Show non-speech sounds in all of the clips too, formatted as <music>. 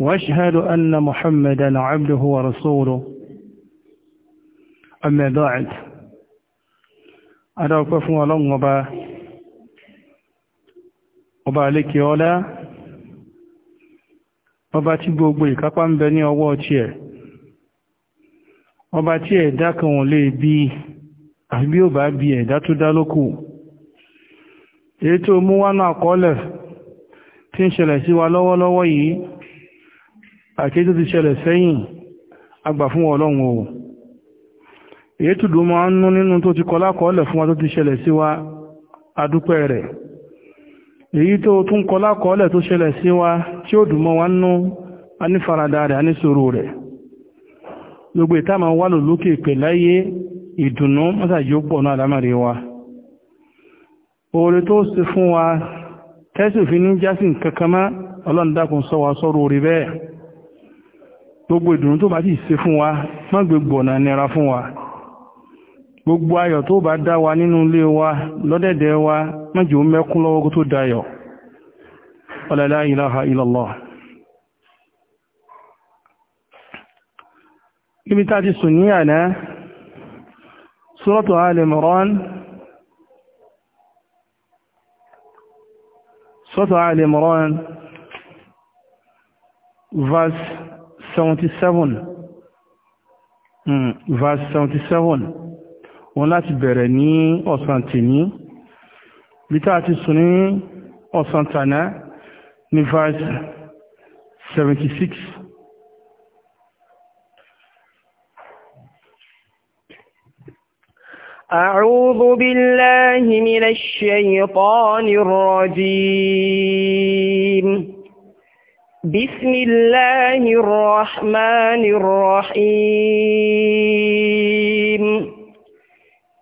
واشهد أن محمدا عبده ورسوله أما بعد أدعوك فو الله وبا ọba alékè ọlá ọba tí gbogbo ìkápá ń bẹ ní ọwọ́ ọba tí ẹ̀dá kan wọn lè bí àbí ò bá bí ẹ̀dá tó dá lókù èyí àti tó ti ṣẹlẹ̀ sẹ́yìn agbà fún ọlọ́run o èyí tùdú máa ń nú nínú tó ti kọlákọọ́lẹ̀ fún wa tó ti ṣẹlẹ̀ sí wa adúpẹ́ rẹ̀ èyí tó tún kọlákọọ́lẹ̀ tó ṣẹlẹ̀ sí wa tí ó dùn mọ́ wa nú a rẹ̀ sòrò rẹ̀ gbogbo ìta wà lò lókè pẹ̀láyé ìdùnnú pọ̀ wa oore tó ṣe fún gbogbo ìdùnnú tó bá ti ṣe fún wa má gbogbo ọ̀nà nira fún wa gbogbo ayọ̀ tó bá dá wa nínú ilé wa lọ́dẹ̀dẹ̀ wa má jẹ́ ó mẹ́kún lọ́wọ́ tó dayọ̀ la ilaha verse 77 hmm, verse 77 wọn láti bẹ̀rẹ̀ ní ọ̀sán tèmi bí tá a ti sùn ní ọ̀sán tàná ní verse 76 أعوذ بالله من الشيطان الرجيم بسم الله الرحمن الرحيم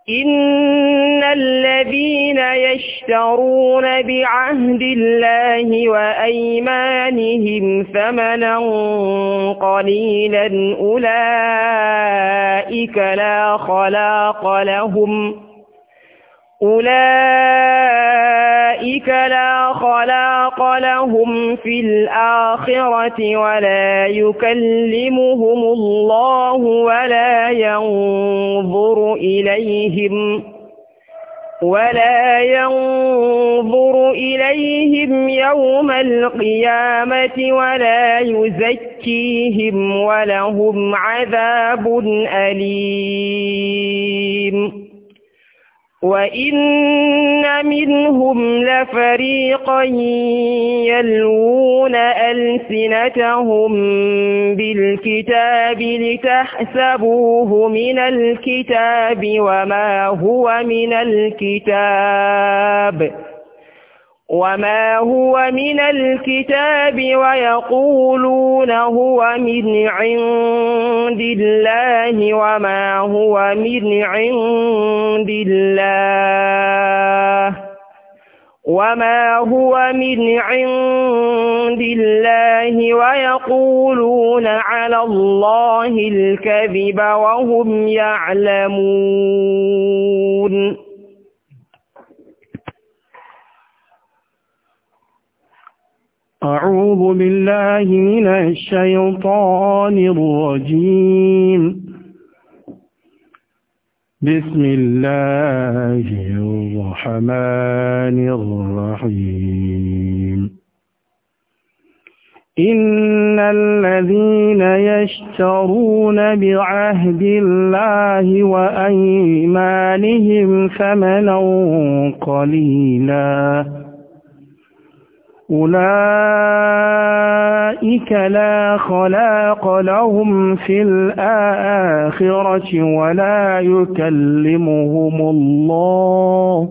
إن الذين يشترون بعهد الله وأيمانهم ثمنا قليلا أولئك لا خلاق لهم أولئك لا خلاق لهم في الآخرة ولا يكلمهم الله ولا ينظر إليهم ولا ينظر إليهم يوم القيامة ولا يزكيهم ولهم عذاب أليم وَإِنَّ مِنْهُمْ لَفَرِيقًا يَلْوُونَ أَلْسِنَتَهُمْ بِالْكِتَابِ لِتَحْسَبُوهُ مِنَ الْكِتَابِ وَمَا هُوَ مِنَ الْكِتَابِ وما هو من الكتاب ويقولون هو من عند الله وما هو من عند الله وما هو من عند الله ويقولون على الله الكذب وهم يعلمون أعوذ بالله من الشيطان الرجيم بسم الله الرحمن الرحيم إن الذين يشترون بعهد الله وأيمانهم ثمنا قليلاً أولئك لا خلاق لهم في الآخرة ولا يكلمهم الله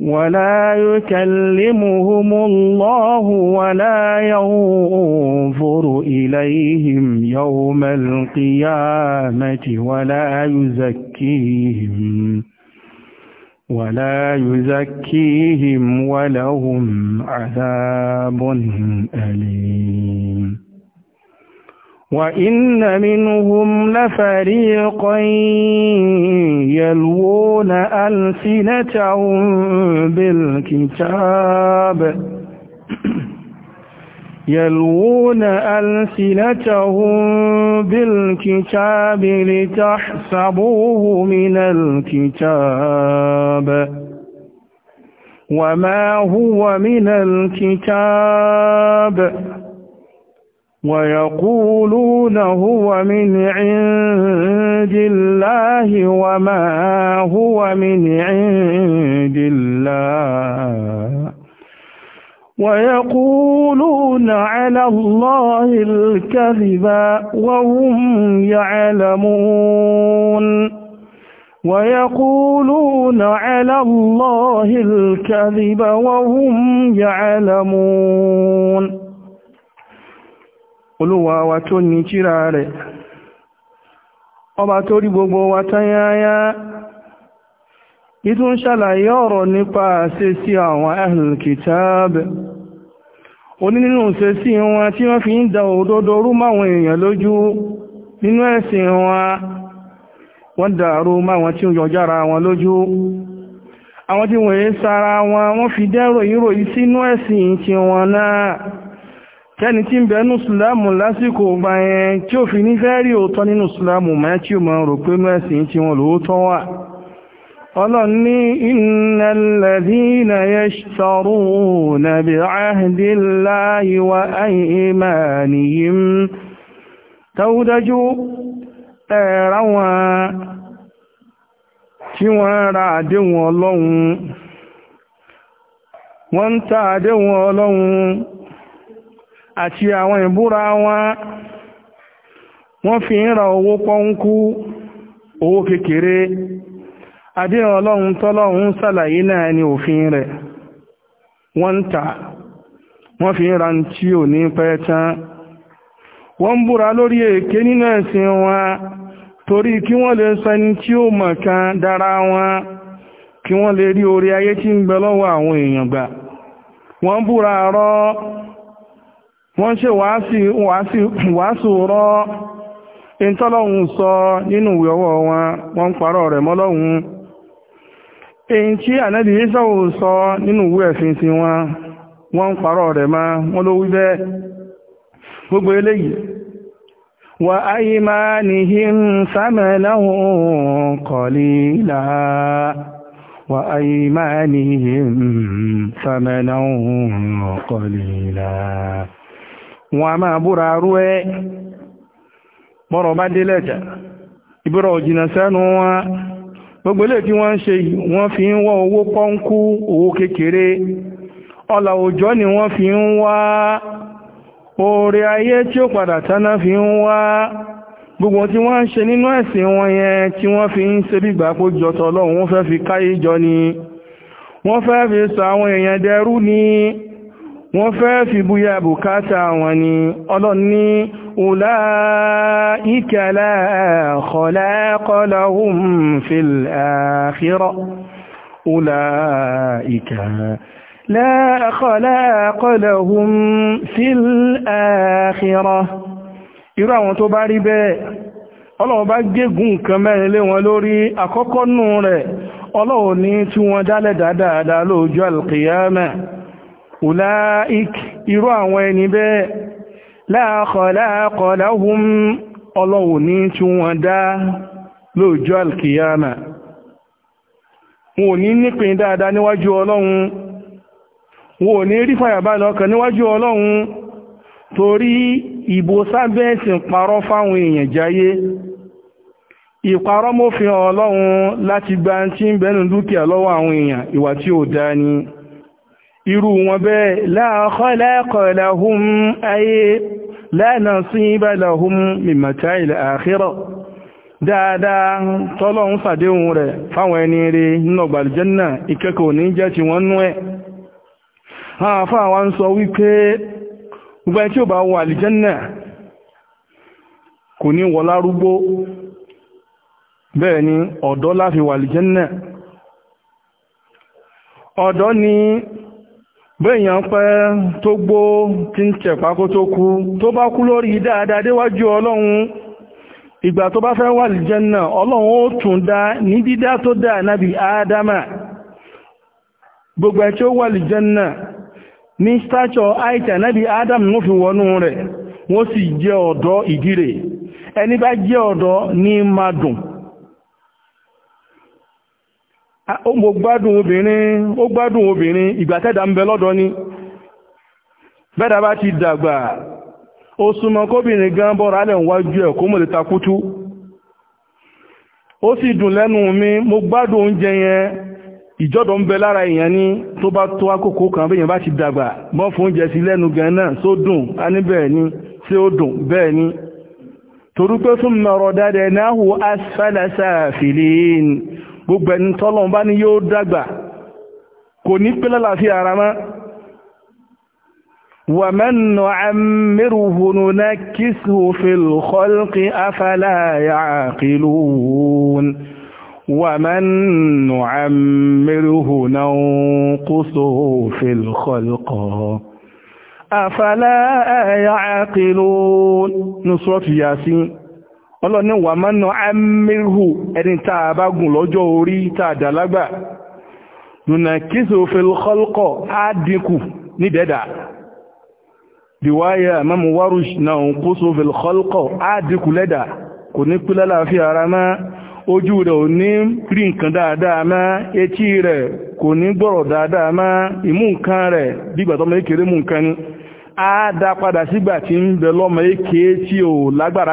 ولا يكلمهم الله ولا ينظر إليهم يوم القيامة ولا يزكيهم ولا يزكيهم ولهم عذاب أليم وإن منهم لفريقا يلوون ألسنتهم بالكتاب <clears throat> يلوون ألسنتهم بالكتاب لتحسبوه من الكتاب وما هو من الكتاب ويقولون هو من عند الله وما هو من عند الله ويقولون على الله الكذب وهم يعلمون ويقولون على الله الكذب وهم يعلمون Olúwa wa tó ní tírà rẹ̀, ọba ìtún ṣàlàyé ọ̀rọ̀ nípa ṣe sí àwọn ahlul o oní nínú ṣe sí wọn tí wọ́n fi ń da òdodo rú èèyàn lójú nínú ẹ̀sìn wọn wọ́n dàrú máwọn tí ó yọjára wọn lójú àwọn tí wọ́n yé sára wọn wọ́n fi dẹ́rọ ìròyìn sínú ẹ̀sìn tí wọn náà yẹn fi ọlọ́run ní innal ladhina yashtaruna bi'ahdi Allahi wa aymanihim tàúdájú ẹ̀rá wọn tí wọ́n ra àdéhùn ọlọ́run wọ́n ń ta àdéhùn ọlọ́run àti wọn fi adé ọlọ́run tọ́lọ́run sàlàyé náà ni òfin rẹ̀ wọ́n ń tà wọ́n fi ń ra tí ò ní pẹ́ tán wọ́n ń búra lórí èké nínú ẹ̀sìn wọn torí kí wọ́n lè sọ ẹni tí ó mọ̀ kan dára wọn kí wọ́n lè rí orí ayé tí ń gbẹ lọ́wọ́ àwọn èèyàn gbà wọ́n búra rọ́ wọ́n ṣe wàásù rọ́ ìtọ́lọ́hun sọ nínú ìwọ̀wọ̀ wọn wọ́n parọ́ rẹ̀ mọ́lọ́hun èyí tí ànábì ọwụwa ò sọ nínú ìwé ẹ̀sìn tí wọ́n wọ́n ń parọ́ rẹ̀ máa wọ́n ló wí bẹ́ẹ̀ gbogbo eléyìí wà áyí máa wọ́n a máa búra rú ẹ́ bọ́rọ̀ bá gbogbo ilé tí wọ́n ń ṣe wọ́n fi ń wá owó pọ́ńkú owó kékeré ọlà òjọ́ ni wọ́n fi ń wá oore ayé tí ó padà tánà fi ń wá gbogbo tí wọ́n ń ṣe nínú ẹ̀sìn wọn yẹn tí wọ́n fi ń ṣe bígbà kó jọtọ̀ ọlọ́run fẹ́ fi káyé jọ ni wọ́n fẹ́ fi sọ àwọn èèyàn dẹrú ni wọ́n fẹ́ fi búyá bùkátà wọn ni ọlọ́ni ọlá ìkàlá kọlákọláhùn fil àkírọ̀ ọlá ìkàlá kọlákọláhùn fil àkírọ̀ irú àwọn tó bá rí bẹ́ẹ̀ ọlọ́run bá gégùn nǹkan mẹ́rin lé wọn lórí àkọ́kọ́ nù rẹ̀ ọlọ́run ní tí wọ́n dálẹ̀ dáadáa lóòjọ́ alkiyama ulaik irú àwọn ẹni bẹ́ẹ̀ la khalaqa lahum ọlọ́wò ní tí wọ́n dá lóòjọ́ alkiyama wọn ò ní nípìn dáadáa níwájú ọlọ́run wọn ò ní rí fàyàbalẹ̀ ọkàn níwájú ọlọ́run torí ìbò sábẹ́ẹ̀sì parọ́ fáwọn èèyàn jáyé ìparọ́ mọ́fin ọlọ́run láti gba tí ń bẹnu dúkìá lọ́wọ́ àwọn èèyàn ìwà tí ò dáa ni irú wọn bẹ́ẹ̀ la khalaqa lahum ayé la nasiba lahum min mata'il akhirah dáadáa tọ́lọ̀ ń sàdéhùn rẹ̀ fáwọn ẹni rí nínú aljanna ìkẹ́kọ̀ọ́ ní jẹ́ ti wọ́n nú ẹ̀ àfáà wá ń kò ní wọ lárúgbó bẹ́ẹ̀ ni ọ̀dọ́ láfi wà aljanna ọ̀dọ́ ni bẹ́ẹ̀yàn pẹ́ tó gbó tí ń tẹ̀pá kó tó kú tó bá kú lórí dáadáa déwájú ọlọ́run ìgbà tó bá fẹ́ wà lìjẹ́nà ọlọ́run ó tún dá ní dídá tó dá nábi adama gbogbo ẹ̀ tí ó wà ní stáchọ̀ àìtà nábi ló fi wọnú rẹ̀ wọ́n sì jẹ́ ọ̀dọ́ ẹni bá jẹ́ Ah, mo gbádùn obìnrin ó gbádùn obìnrin ìgbà tẹ́dà ń bẹ lọ́dọ̀ ni bẹ́dà bá ti dàgbà ó súnmọ́ kóbìnrin gan bọ́ra alẹ́ wájú ẹ̀ kó mọ̀ lè takútú ó sì dùn lẹ́nu mi mo gbádùn oúnjẹ yẹn ìjọ́dọ̀ ń bẹ lára èèyàn ní tó bá tó àkókò kan bí bá ti dàgbà mọ́ fún oúnjẹ sí lẹ́nu gan náà só dùn á ní bẹ́ẹ̀ ni tí ó dùn bẹ́ẹ̀ ni torí fún mọ̀rọ̀ dáadẹ́ náà hù asfálàsáfìlín gbogbo ẹni tọ́lọ́run bá ní yóò dàgbà kò ní pẹ́ lálàáfíà ara mọ́ wa man nu'ammirhu nunakkishu fil khalqi afala ya'qilun wa man nu'ammirhu nanqusuhu fil khalqi afala ya'qilun nusrat yasin ọlọ́ni wà máa ná amírhù ẹni tá a bá gùn lọ́jọ́ orí tá a dà lágbà nùnà kíso fẹ́lọ́kọ́ á dínkù ní dẹ́dà riwaya imamu warush náà ń kó so fẹ́lọ́kọ́ á dínkù lẹ́dà kò ní pílẹ̀ láàfin ara máa ojú rẹ̀ ò ní rí nǹkan dáadáa má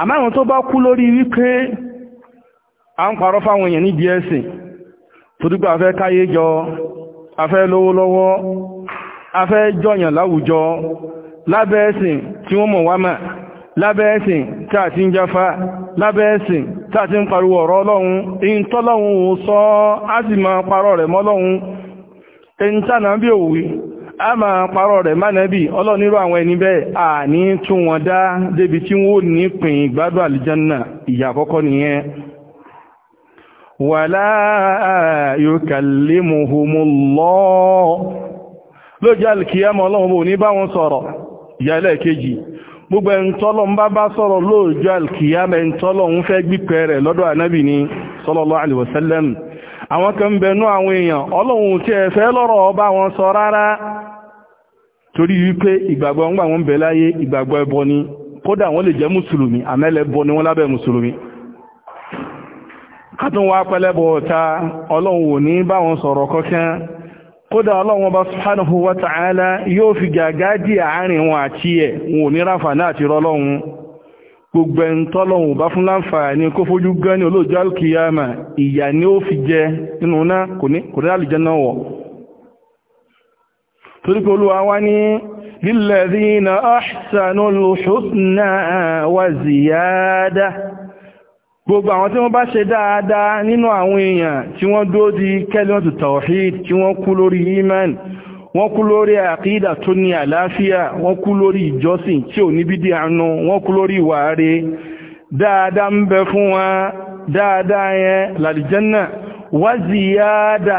àmọ́ àwọn tó bá kú lórí wípé a ń parọ́ fáwọn èèyàn níbi ẹ̀sìn torípé afẹ́ káyé jọ afẹ́ lówó afẹ́ jọyàn láwùjọ lábẹ́ ẹ̀sìn tí wọ́n mọ̀ wá mà lábẹ́ ẹ̀sìn tí a ti ń jáfá lábẹ́ ẹ̀sìn tí a ti ń pariwo ọ̀rọ̀ a máa parọ́ rẹ̀ mánàbí ọlọ́nirú àwọn ẹni bẹ́ẹ̀ à ní tún wọn dá débi tí wọ́n ní pín ìgbádùn àlìjánà ìyà àkọ́kọ́ nìyẹn wàlá yukallimuhumullah lójú alìkìyàmọ̀ ọlọ́run bò ní bá wọn sọ̀rọ̀ ìyà ẹlẹ́ẹ̀kejì gbogbo ẹ̀ntọ́lọ́ ń bá bá sọ̀rọ̀ lóòjọ́ alkiyama ẹ̀ntọ́lọ́ ń fẹ́ gbípẹ́ rẹ̀ lọ́dọ̀ ànábì àwọn kan àwọn torí wípé ìgbàgbọ́ ń gbà wọ́n bẹ̀ láyé ìgbàgbọ́ ẹbọ ni kódà wọ́n lè jẹ́ mùsùlùmí àmẹ́lẹ́bọ ni wọ́n lábẹ́ mùsùlùmí kátún wá pẹ́lẹ́bọ ọ̀ta ọlọ́run ò ní bá wọn sọ̀rọ̀ kọ́kán kódà ọlọ́run ọba subhanahu wa ta'ala yóò fi gàgájì àárín wọn àti ẹ̀ wọn ò ní torí pé olúwa wá ní lilladhina ahsanul husna wa ziyada gbogbo àwọn tí wọ́n bá ṣe dáadáa nínú àwọn èèyàn tí wọ́n dúró di kalimatu tawhid tí wọ́n kú lórí iman wọ́n kú lórí àkídà tó ní àlàáfíà wọ́n kú lórí ìjọsìn tí ò ní bídí àánú wọ́n kú lórí ìwà dáadáa ń bẹ fún wọn dáadáa yẹn lálìjẹ́nà wá ziyada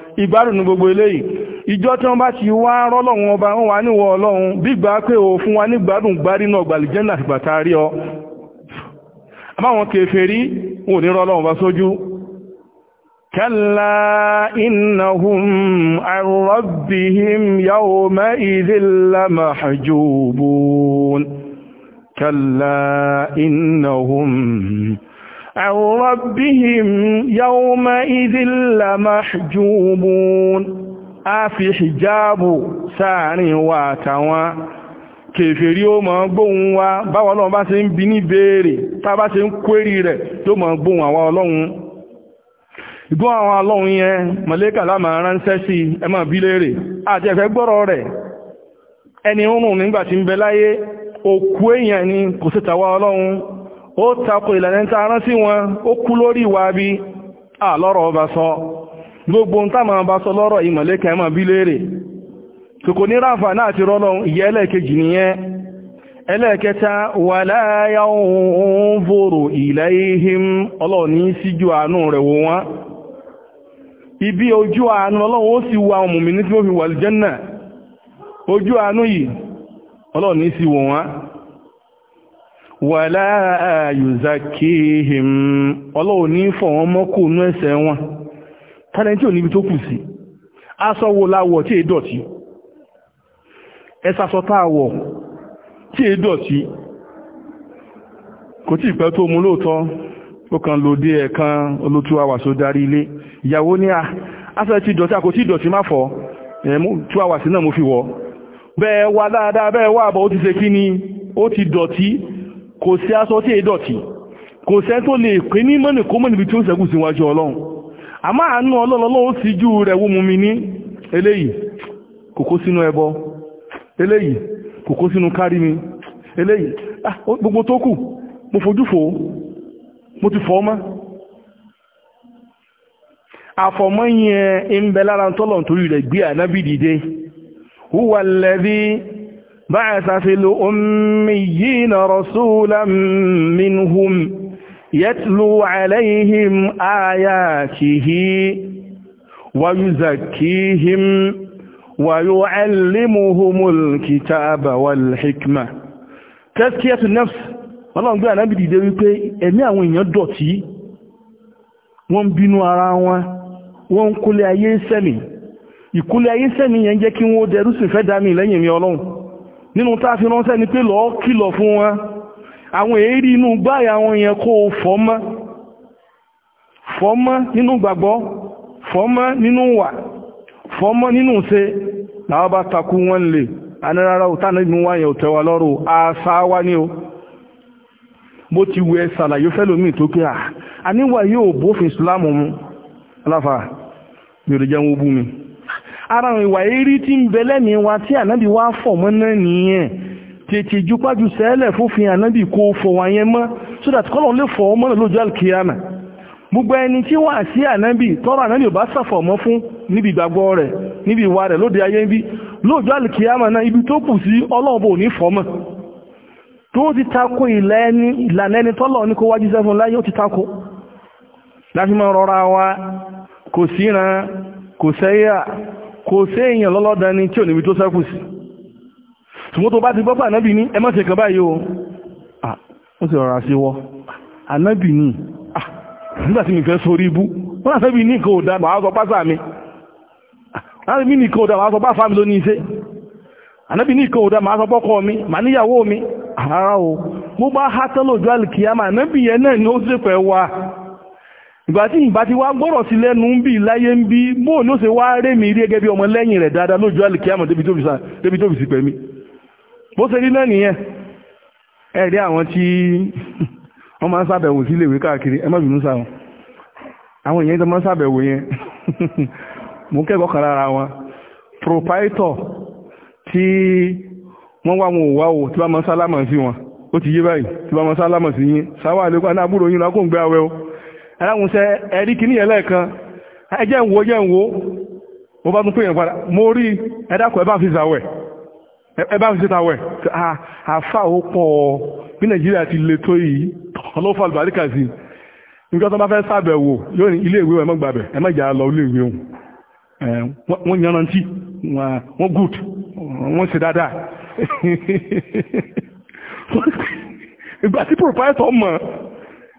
ìgbádùn ní gbogbo eléyìí ìjọ tí wọ́n bá ti wá rọ́lọ́run ọba wọn wà níwọ̀ ọlọ́run bí gbà pé o fún wa nígbádùn gbárí náà gbàlìjẹ́nà àtìgbàta rí ọ àbáwọn kèfèrí wọn ní rọ́lọ́run bá sójú kalla innahum an rabbihim yawma idhil lamahjubun kalla innahum عن ربهم يومئذ لمحجوبون a fi hijabu sáàrin wa àtàwọn kèfèrí ó máa gbóhùn wa báwọn ọlọ́run bá ṣe ń bi ní béèrè tá bá ṣe ń kwérí rẹ̀ tó gbóhùn àwọn ọlọ́run àwọn yẹn mọ̀lẹ́kà ránṣẹ́ sí àti ẹ̀fẹ́ gbọ́rọ̀ rẹ̀ ẹni nígbà tí ń bẹ láyé òkú èèyàn ni kò sí ọlọ́run ó tako ìlànà tá rán sí wọn ó kú lórí ìwà bí a lọ́rọ̀ ọba sọ gbogbo ń tàmà ọba sọ lọ́rọ̀ ìmọ̀lẹ́kẹ̀ mọ̀ bí léèrè kòkò ní ráfà náà ti rọ́lọ́ ìyẹ́ ẹlẹ́ẹ̀kejì nìyẹn ẹlẹ́ẹ̀kẹta wà láyá wàlá yuzakihim ọlọ́wọ́ ní fọ̀ wọn mọ́kù inú ẹsẹ̀ wọn tálẹ́ntì ò níbi tó kù sí aṣọ wo láwọ̀ tí è dọ̀tí ẹsàṣọ táàwọ̀ tí è dọ̀tí kò tí ìpẹ́ tó mú lóòtọ́ ó kàn lòdí ẹ̀kan olótú àwàsó darí ilé ìyàwó ní aṣọ tí dọ̀tí àkó tí dọ̀tí má fọ́ tú àwàsí náà mo fi wọ́ bẹ́ẹ̀ wà dáadáa bẹ́ẹ̀ wà bọ́ ó ti ṣe kí ni ó ti dọ̀tí kò sí aṣọ tí èdọ̀tí kò sẹ́ tó lè pè ní mọ́nì kó mọ́nì bí tí ó síwájú ọlọ́run a máa nú ọlọ́lọ́lọ́ ó sì jú rẹ̀ wó mú mi ní eléyìí kòkó kó sínú ẹbọ eléyìí kòkó sínú kárí mi eléyìí ah, gbogbo tó kù mo fojú fò mo ti fọ́ mọ́ àfọ̀mọ́ yẹn ń bẹ lára tọ́lọ̀ nítorí rẹ̀ gbé ànábì dìde بعث في الأميين رسولا منهم يتلو عليهم آياته ويزكيهم ويعلمهم الكتاب والحكمة تزكية النفس Ọlọ́run gbé ànábì dìde wípé ẹ̀mí àwọn èèyàn dọ̀tí wọ́n ń bínú ara wọn wọ́n ń kúlẹ̀ ayé sẹ́mi ìkúlẹ̀ ayé sẹ́mi yẹn jẹ́ kí wọ́n dẹrú sí fẹ́ dámì lẹ́yìn mi Ọlọ́run nínú tá a fi ránṣẹ́ ni pé lọ́ọ́ kìlọ̀ fún wọn àwọn èérí inú gbáyà wọn yẹn kó o fọ́mọ́ fọ́mọ́ nínú gbàgbọ́ fọ́mọ́ nínú wà fọ́mọ́ nínú ṣe làwọn bá takú wọn lè anárára ò tánà ìgbìmọ̀ wáyẹ̀ ò tẹ́wà lọ́rọ̀ àṣà wá ní o bó ti wẹ ṣàlàyé fẹ́lòmí ara ìwà eré tí ń wa tí ànábì wá fọ̀ mọ́ náà nìyẹn tètè ju pájú sẹ́lẹ̀ fófin ànábì kó fọ̀ wá so that kọ́lọ̀ lè fọ̀ mọ́ lójú alkiyama gbogbo ẹni tí wà sí ànábì tọ́rọ ànábì ò bá sàfọ̀ mọ́ fún níbi ìgbàgbọ́ rẹ̀ níbi ìwà rẹ̀ lóde ayé bí lójú ibi tó kù sí ọlọ́ọ̀bọ ò ní fọ̀ mọ́ ti ìlànà ẹni tọ́lọ̀ ní kó wájú sẹ́fún láyé ti láti rọra wa kò síran kò sẹ́yà kò sí èèyàn lọ́lọ́dán ní tí ò níbi tó sẹ́kù sí ṣùgbọ́n tó bá ti gbọ́pà ànábì ní ẹ ṣe kàn báyìí o ó sì rọra sí wọ́ ànábì ní nígbà mi fẹ́ sórí ibú wọ́n ní kò dá sọ pásá mi ànábì ní kò dá wàá sọ pásá mi ló ní iṣẹ́ ní kò dá sọ pọ́kọ mi níyàwó mi o yẹn náà ni ó sì ìgbà tí ìgbà tí wá gbọ́rọ̀ sí lẹ́nu ń bí láyé ń bí bóò ló ṣe wá rẹ́ mi rí gẹ́gẹ́ bí ọmọ lẹ́yìn rẹ̀ dáadáa lójú alìkíyàmọ̀ débi tó fi sí pẹ̀mí bó ṣe rí náà nìyẹn ẹ rí àwọn tí wọ́n máa ń ṣàbẹ̀wò sí iléèwé káàkiri ẹ má bínú sáwọn àwọn èèyàn tó máa ń ṣàbẹ̀wò yẹn <laughs> mo kẹ́kọ̀ọ́ kan lára wọn proprietor tí wọ́n wá wọn ò wá tí wọ́n máa ń sálámà sí wọn ó ti yé báyìí tí wọ́n máa ń sálámà sí yín sáwà àlékún àná yín lọ́kùnrin gbé awẹ́ o ẹ̀ráhùnsẹ́ ẹ̀rí kìíní ẹlẹ́ẹ̀kan ẹjẹ́ ń wo ẹjẹ́ ń wo mo bá tún pè yàn padà mo rí ẹ̀dàkọ̀ ẹ bá fi zàwẹ̀ ẹ bá fi ṣe tàwẹ̀ àfà ó pọ̀ bí nàìjíríà ti le tó yìí ọlọ́fà àlùbáríkà sí nígbà tó bá fẹ́ ṣàbẹ̀wò yóò ní ilé ìwé ẹ̀ mọ́ gbàbẹ̀ ẹ má jà lọ ilé ìwé òun wọ́n yanrantí wọ́n good wọ́n ṣe dáadáa <laughs> ìgbà tí pòròpáìtọ̀ mọ̀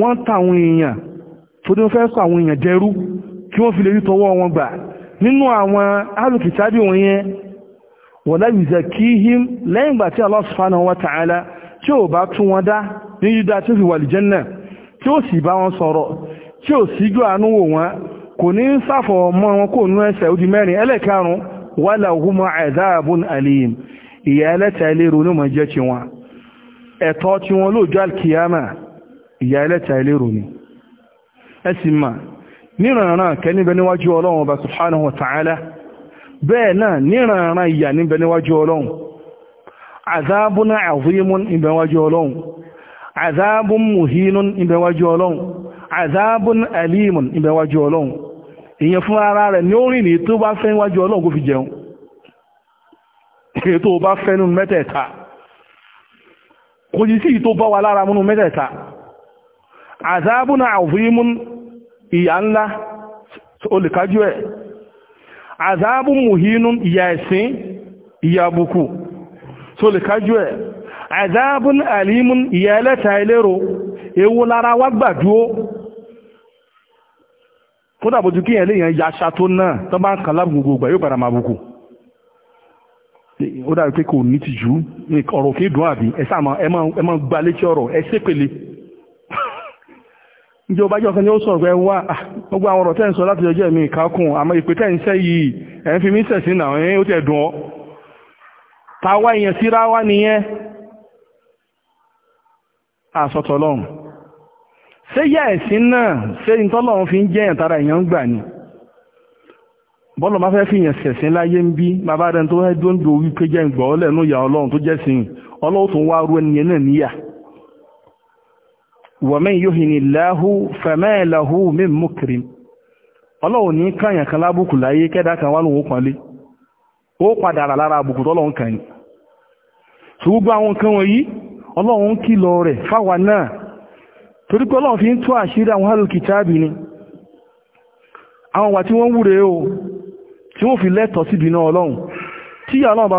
wọ́n ń ta àwọn èèyàn tó dé fẹ́ sọ àwọn èèyàn jẹrú kí wọ́n fi lè rí tọwọ́ wọn gbà nínú àwọn alùkìtàbí wọn yẹn wọ̀lá ìzẹ̀ kí him lẹ́yìn ìgbà tí Allah subhanahu wa ta'ala tí ò bá tún wọn dá ní yídá tí ó fi wà lìjẹ́nà tí ó sì bá wọn sọ̀rọ̀ tí ò síjú àánú wò wọn kò ní sáfọ̀ mọ́ wọn kò nú ẹsẹ̀ ó di mẹ́rin ẹlẹ́karùn wà láhùmọ́ adhabun alim ìyà ẹlẹ́tẹ̀ẹ́lérò ní mọ̀ jẹ́ tiwọn ẹ̀tọ́ tiwọn lóòjọ́ alkiyama ìyá ẹlẹ́ta ẹlẹ́rò ni ẹ sì mà níranran kẹ́ níbẹ̀ níwájú ọlọ́run ọba subhanahu wa ta'ala bẹ́ẹ̀ náà níranran ìyà níbẹ̀ níwájú ọlọ́run azabuna azimun níbẹ̀ níwájú ọlọ́run azabun muhinun níbẹ̀ níwájú ọlọ́run azabun alimun níbẹ̀ níwájú ọlọ́run ìyẹn fún ara rẹ̀ ní orin ní àzábùnà àwòfíìmún ìyà ńlá olùkájú ẹ̀ àzábùn mùhínún ìyà ẹ̀sìn ìyà àbùkù olùkájú ẹ̀ àzábùn àlímún ìyà ẹlẹ́ta ẹlẹ́rọ ewu lára wá gbàdúó kódà bójú kí ẹ̀ léèyàn ya ṣàtó náà tó bá ń kàn lábùgbò gbà yóò padà máa bùkù ó dàbí pé kò ní tìjú ìjọ bá jọ́kan a ó sọ̀rọ̀ ẹ wá gbogbo àwọn ọ̀rọ̀ tẹ́ǹsọ láti ọjọ́ mi ìkákùn àmọ́ ìpè tẹ́ǹsẹ́ yìí ẹ̀ ń fi mí sẹ̀sìn náà ẹ̀ ó tẹ̀ dùn ọ́ tàwa ìyẹn síra nìyẹn ṣé ẹ̀sìn náà fi ń jẹ́ ẹ̀yàn tara èèyàn ń gbà bọ́lọ̀ fẹ́ fi sẹ̀sìn láyé ń bí bàbá rẹ̀ tó dóńdó wípé jẹ́ ọlẹ́nu ìyá ọlọ́run tó jẹ́ sìn ọlọ́run tó wá wọ̀mẹ́n yohini láhú fẹ̀mẹ́ẹ̀láhú min mukrim ọlọ́run ní káyàn kan lábùkù láyé kẹ́dà kan wá lóun ó pọ̀nlé ó padà rà lára àbùkù tọ́lọ́run kàn yìí ṣùgbọ́n àwọn nǹkan wọ̀nyí ọlọ́run ń kìlọ̀ rẹ̀ fáwa náà torí pé ọlọ́run fi ń àṣírí àwọn ni àwọn wà tí wọ́n wúre o tí wọ́n fi lẹ́tọ̀ọ́ síbi náà ọlọ́run tí ọlọ́run bá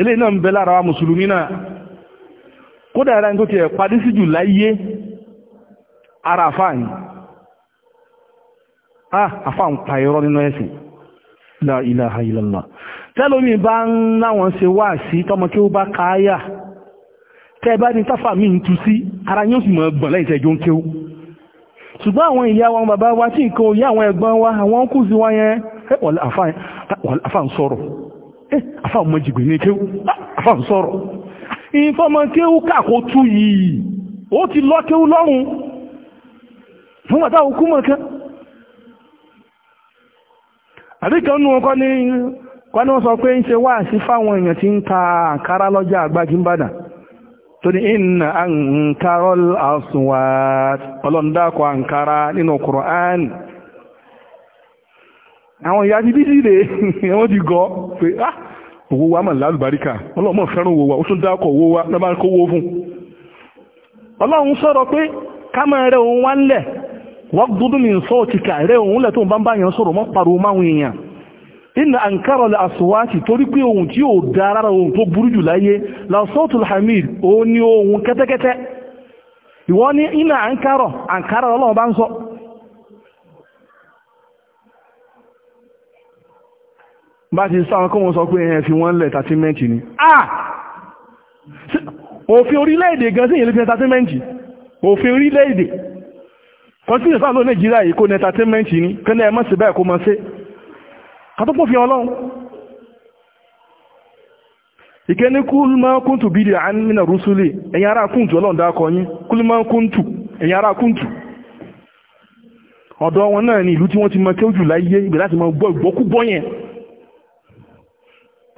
eléyìí náà ń bẹ lára wa mùsùlùmí náà kódà ẹ̀rọ tó ti ẹ̀ sí jù láyé ara àfáàní ah àfáàn pa nínú ẹ̀sìn la ilaha illallah tẹ́lómi bá ń láwọn ṣe wá sí tọmọ kí ó bá kááyà tẹ́ bá ní táfà mí ń tu sí ara yóò sì mọ̀ gbọ̀n lẹ́yìn tẹ́jọ́ ń kéwú ṣùgbọ́n àwọn ìyá wọn bàbá wa tí nǹkan òye àwọn ẹ̀gbọ́n wa àwọn kùsì wa yẹn àfáàn sọ̀rọ̀ àfáà ọmọ jìgbè ní kéwú àfáà ń sọ̀rọ̀ ìfọmọ kéwú kàkó tú yìí ó ti lọ kéwú lọ́rùn fún àtà òkú mọ̀kán àríkà nù ọkọ́ ní kọ́ sọ pé ń ṣe wá sí fáwọn èèyàn tí ń ta tó ní ìnà àǹkárá nínú àwọn ìyá ti bíjì rè é wọ́n ti gọ́ pé ah owó wa mà lálùbáríkà ọlọ́mọ fẹ́ràn owó wa ó tún dákọ̀ owó wa lọ́ba kó owó fún ọlọ́run sọ̀rọ̀ pé ká máa rẹ òun wá ńlẹ̀ wọ́n dúdú mi sọ́ọ̀tì kà rẹ òun lẹ̀ tó ń bá ń bá yẹn sọ̀rọ̀ mọ́ pariwo máwọn èèyàn inna ankara la aswati torí pé ohun tí ó dá rárá ohun tó burú jù láyé la hamid ó ní ohun kẹ́tẹ́kẹ́tẹ́ ìwọ́n ní inna ankara ankara lọ́wọ́ bá ń sọ bá ti sáwọn kó wọn sọ pé ẹ fi wọ́n lẹ̀ entertainment ni ah òfin orílẹ̀-èdè gan sí ìlú fi entertainment òfin orílẹ̀-èdè kọ́sílẹ̀ sáà ló nàìjíríà yìí kó ní entertainment ni kẹ́lẹ́ ẹ mọ́ sí bẹ́ẹ̀ kó mọ́ sí kàtọ́pọ̀ fi ọlọ́run ìkẹ́ni kúlùmọ́ kúntù bí i àmìnà rúsùlì ẹ̀yìn ará kúntù ọlọ́run dákọ̀ yín kúlùmọ́ kúntù ẹ̀yìn ará kúntù ọ̀dọ̀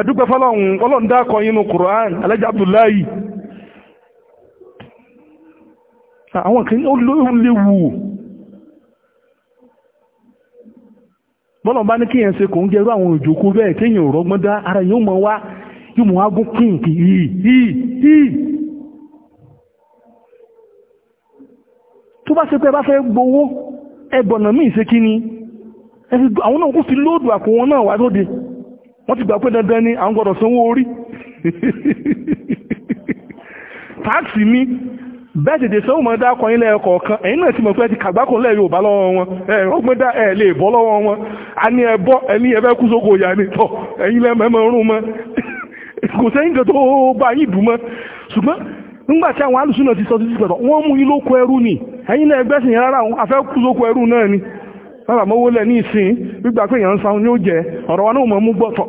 ẹ̀dúgbẹ́ fọ́lọ́run ọlọ́run dákọ̀ inú a alájá Abdullahi àwọn kìí olóòrùn léwu bọ́lọ̀ bá ní kíyàn ṣe kò ń gẹrú àwọn òjòkó bẹ́ẹ̀ kíyàn rọgbọ́n dá ara yóò mọ̀ wá yóò mọ̀ ágún pínkì tó bá ṣe pé bá fẹ́ gbowó ẹgbọ̀nà míì fi lóòdù àkó náà wọ́n ti gbà pé dandan ni àwọn gbọ́dọ̀ sanwó orí táàkì mi bẹ́ẹ̀ tètè sanwó mọ́ dákọ̀ yín lẹ́ẹ̀kọ̀ kan ẹ̀yin náà ti mọ̀ pé ti kàgbákò lẹ́ẹ̀ yóò bá lọ́wọ́ wọn ẹ̀ ọgbọ́n dá ẹ̀ lè bọ́ lọ́wọ́ wọn a ní ẹ bọ́ ẹni ẹ bẹ́ kú sóko ìyá ni tọ̀ rún mọ́ kò sẹ́yìn ni náà ẹgbẹ́ sìn rárá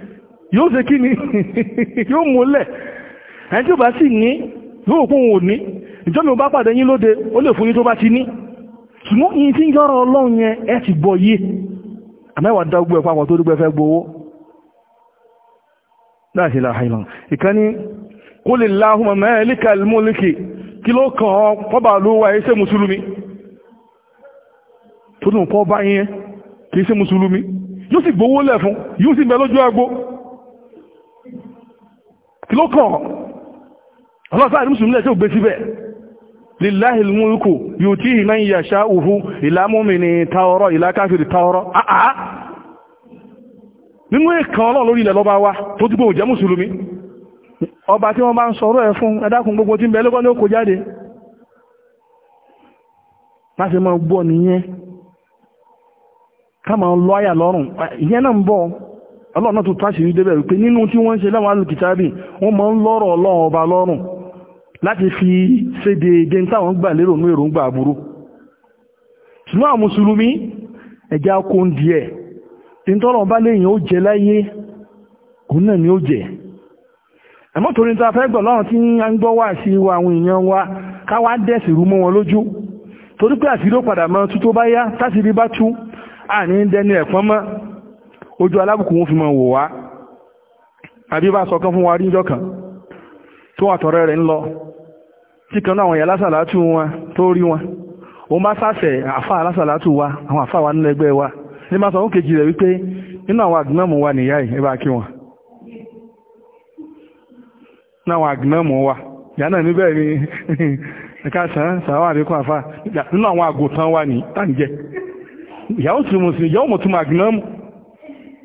yóò ṣe kí ni <laughs> yóò múlẹ̀ ẹni tí ó bá sì ní yóò kún òun ò ní ìjọ́ mi ò bá pàdé yín lóde ó lè fún yín tó bá ti ní ṣùgbọ́n yín tí ń yọ́rọ̀ ọlọ́run yẹn ẹ ti gbọ́ yé àmẹ́wàá dágbó ẹ̀fọ́ àwọn tó dúgbẹ́ fẹ́ gbowó láti láàáìmọ̀ ìkànnì kó lè láhùn mẹ́ẹ̀lìkà múlìkì yóò sì gbowó lẹ̀ fún yóò sì bẹ lójú agbó kí ló kàn ọlọ́sàn àdúmùsùn nílẹ̀ tí ó gbé síbẹ̀ lillahi mulku yutihi man yasha'uhu ila mu'mini tawra ila kafiri tawra àà ah, ah. nínú ìkan ọlọ́run lórí ilẹ̀ lọ́ba wa tó ti gbóhùn jẹ́ mùsùlùmí ọba tí wọ́n bá ń sọ̀rọ̀ ẹ̀ fún ẹ̀dákun gbogbo tí ń bẹ lọ́gbọ́n ní ó kò jáde láti máa gbọ́ nìyẹn ká máa lọ́ àyà lọ́rùn ìyẹn náà ń bọ̀ ọlọ́run náà tó táṣì rí débẹ̀ wípé nínú tí wọ́n ń ṣe láwọn alùkìtàbí wọ́n máa ń lọ́rọ̀ ọlọ́run ọba lọ́rùn láti fi ṣéde èdè táwọn gbà lérò ní èròǹgbà àbúrú ṣùgbọ́n àwọn mùsùlùmí ẹ̀já kó torí wa àwọn èèyàn wa káwá dẹ̀sì rú mọ́ wọn lójú torí pé àṣírí ó padà mọ́ tú tó bá yá tásìrí bá tú àní dẹni ẹ̀pọ́n mọ́ ojú alábùkù wọn fi mọ̀ wò wá àbí bá sọ fún wa ríjọ kan tó wà tọ̀rẹ́ rẹ̀ ń lọ tí kan náà àwọn lásàlátù wọn tó rí wọn o má sáṣẹ̀ àfà wa àwọn àfà wa nílẹ̀ ẹgbẹ́ wa ní sọ ó kejì rẹ̀ wípé nínú àwọn wa nìyá yìí ẹ bá kí wọn nínú àwọn wa ìyá náà níbẹ̀ ni ẹ̀ka sàn sàn wà àfà nínú àwọn àgùntàn wa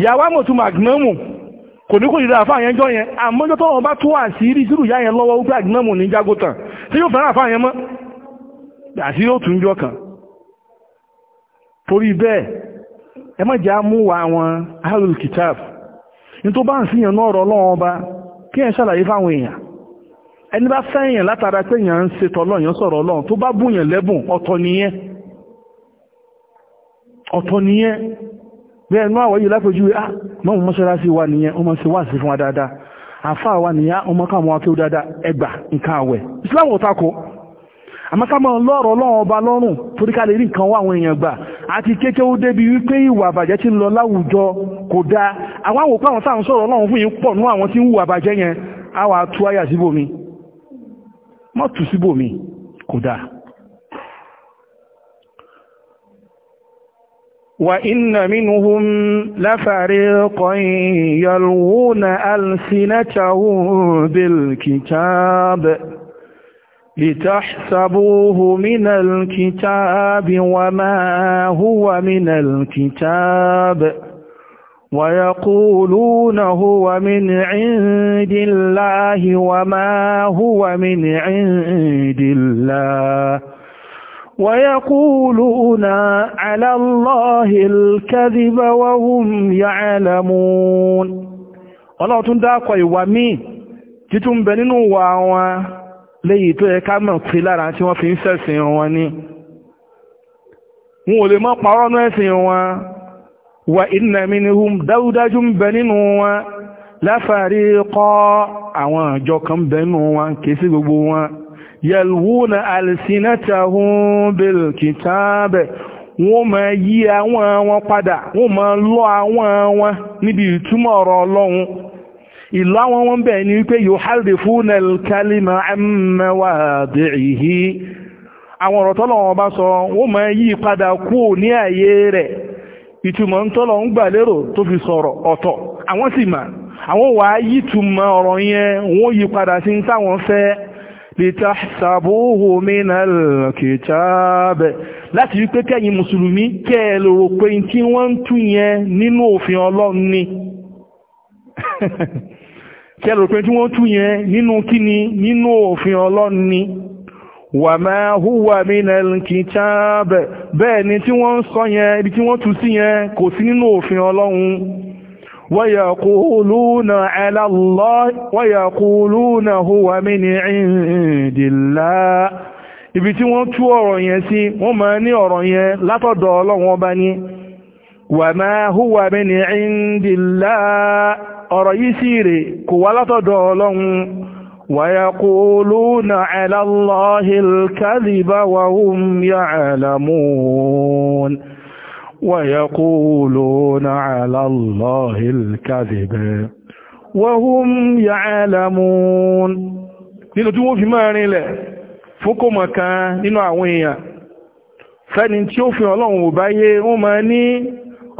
ìyàwó àmọ̀tún magnum kò ní kò ní dáa fáwọn yẹn jọ yẹn àmọ́jọ́ tó wọn bá tó àṣírí sírù ìyá yẹn lọ́wọ́ wípé magnum ní jágótàn tí yóò fẹ́ràn fáwọn yẹn mọ́ àṣírí ó tún jọ kàn torí bẹ́ẹ̀ ẹ má jẹ́ mú wa àwọn ahlul kitab ní tó bá ń sí yẹn náà rọ lọ́wọ́ ọba kí ẹ ṣàlàyé fáwọn èèyàn ẹni bá fẹ́yàn látara pé èèyàn bí ẹnu àwọ̀ yìí lápẹjú ah mọ́mù mọ́ṣáláṣí wa nìyẹn ọmọ sí wà sí fún wa dáadáa àfáà wa nìyẹn ọmọ káàmù akéwò dáadáa ẹgbà nǹkan àwẹ̀ Islam ò takò àmọ́kámọ́ lọ́rọ̀ lọ́wọ́ ọba lọ́rùn torí ká lè rí nǹkan wá àwọn èèyàn gbà àti kékeré débi wípé ìwà àbàjẹ́ ti fún yín pọ̀ nú àwọn tí ń wù àbàjẹ́ yẹn á kò dáa وإن منهم لفريقا يلوون ألسنتهم بالكتاب لتحسبوه من الكتاب وما هو من الكتاب ويقولون هو من عند الله وما هو من عند الله ويقولون على الله الكذب وهم يعلمون ọlọ́run tún dákọ̀ ìwà míì títún bẹ nínú wà wọn léyìí tó yẹ ká mọ̀ pé lára tí wọ́n fi ń ṣẹ̀sìn wọn ni wọn ò lè mọ́ parọ́ ní ẹ̀sìn wọn wà inna minhum dáúdájú ń bẹ nínú wọn láfàárí kọ́ àwọn àjọ kan bẹ nínú wọn kìí sí gbogbo wọn yẹ̀lúwúnà àlìsínátàhún bèlkìtàbẹ̀ wọ́n ma yí àwọn àwọn padà wọ́n ma lọ àwọn wọn níbi ìtumọ̀ ọ̀rọ̀ ọlọ́run ìlú àwọn wọn bẹ̀ ní wípé yóò hálì fún ẹ̀lkálìmọ̀ ẹ̀mẹ́wàádìí àwọn ọ̀rọ̀ tọ́lọ̀wọ̀n bá sọ wọ́n yí padà kú ní àyè rẹ̀ ìtumọ̀ ń gbà lérò tó fi sọ̀rọ̀ ọ̀tọ̀ àwọn sì mà àwọn wàá yí ọ̀rọ̀ yẹn lítàṣàbóhò mínal kìtàbẹ̀ láti rí pé kẹ́yìn mùsùlùmí kẹ́ẹ̀lò pé tí wọ́n ń tún yẹn nínú òfin ọlọ́run ni <laughs> kẹ́ẹ̀lò pé tí wọ́n tún yẹn nínú kíni nínú òfin ọlọ́run ni wà máa húwà mínal kìtàbẹ̀ bẹ́ẹ̀ ni tí wọ́n ń sọ yẹn ibi tí wọ́n tún sí yẹn kò sí nínú òfin ọlọ́run ويقولون على الله ويقولون هو من عند الله ibi tí wọ́n tú ọ̀rọ̀ yẹn sí wọ́n máa ní ọ̀rọ̀ yẹn látọ̀dọ̀ ọlọ́wọ́n bá ní wa ma huwa min indillah ọ̀rọ̀ yìí sí rẹ̀ kò wá wa yaquluna ala Allahil kadhiba wa hum ya'lamun ويقولون على الله الكذب وهم يعلمون nínú tí wọ́n fi máa ya, fókò mọ̀kan nínú àwọn èèyàn fẹ́ni tí ó fi ọlọ́run ò bá yé wọ́n máa ní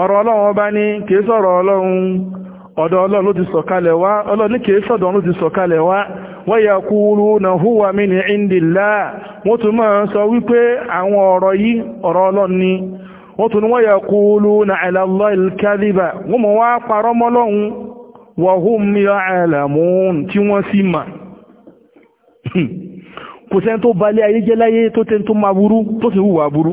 ọ̀rọ̀ ọlọ́run ọba ní kìí ọlọ́run ọ̀dọ̀ ọlọ́run ló ti sọ̀kalẹ̀ wá ọlọ́run ní kìí sọ wípé wọ́n tún wọ́n yẹ kúlú na ẹ̀lọ́lọ́ ìkẹ́dìbà wọ́n mọ̀ wá parọ́ mọ́lọ́hun wọ̀hún yọ ẹ̀lẹ̀mún tí wọ́n sì mà kò sẹ́ni tó balẹ̀ ayé jẹ́ láyé tó tẹ́ tó máa burú tó sì hùwà burú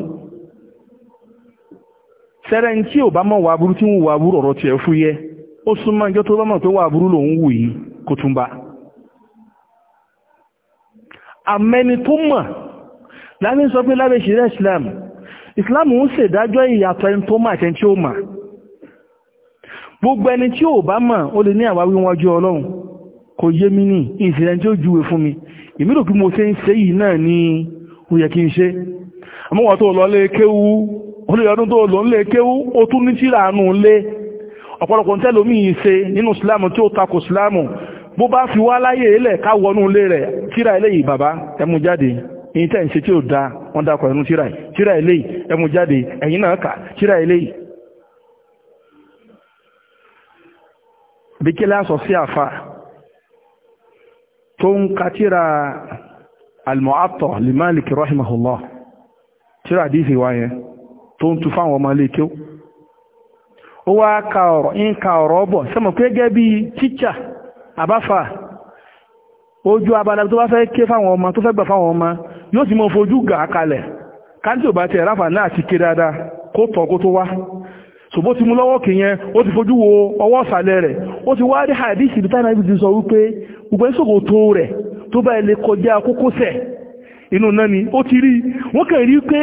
sẹ́rẹ̀ ń tí ò bá mọ̀ wà burú tí ń burú ọ̀rọ̀ tiẹ̀ fúyẹ́ ó súnmọ́ ìjọ tó bá mọ̀ pé wà burú lòun wù yìí kò tún bá àmẹ́ni tó mọ̀ láti sọ pé lábẹ́ ìṣẹ̀lẹ̀ ìsìláàmù ń ṣèdájọ́ ìyàtọ̀ ẹni tó mà àtẹni tí ó mà gbogbo ẹni tí ò bá mọ̀ ó lè ní àwáwí wọn jọ ọlọ́run kò yé mi ní ìṣẹ̀lẹ̀ tí ó júwe fún mi ìmírò kí mo ṣe ń ṣe yìí náà ni ó yẹ kí n ṣe àmúwọ̀n tó lọ lé kéwú olóyè ọdún tó lọ lé kéwú ó tún ní tíra àánú lé ọ̀pọ̀lọpọ̀ ń tẹ́lómi yìí ṣe nínú ìsìláàmù tí ó takò ìsìláàmù bó bá fi wá láyé ilẹ̀ ká wọnú rẹ̀ tíra eléyìí bàbá ẹmu jáde yìí tẹ́ ń ṣe tí ó da wọ́n dákọ̀ ẹnu tíra yìí tíra eléyìí ẹmu jáde ẹ̀yìn náà kà tíra eléyìí. bíkẹ́lẹ́ aṣọ sí àfa tó ń ka tíra al-Mu'atta li Malik rahimahullah tíra àdìsí wa yẹn tó ń tu fáwọn ọmọ ilé kéw ó wá ka ọ̀rọ̀ ń ka ọ̀rọ̀ bọ̀ sẹ́mọ̀ pé gẹ́gẹ́ bí tíṣà àbáfà ojú abala tó bá fẹ́ ké fáwọn ọmọ tó fẹ́ gbà fáwọn ọmọ yóò ti mọ fojú gà kalẹ̀ káńtì ò bá ti ẹ̀ráfà náà ti ké wa kó tọ̀ kó tó wá ṣùgbọ́n ti mú lọ́wọ́ kì ó ti fojú wo ọwọ́ rẹ̀ ó ti wá rí hadith ibi táwọn ibi sọ wípé gbogbo ìṣòro tó rẹ̀ tó bá ilé kọjá kókósẹ̀ inú ti rí wọ́n kàn rí pé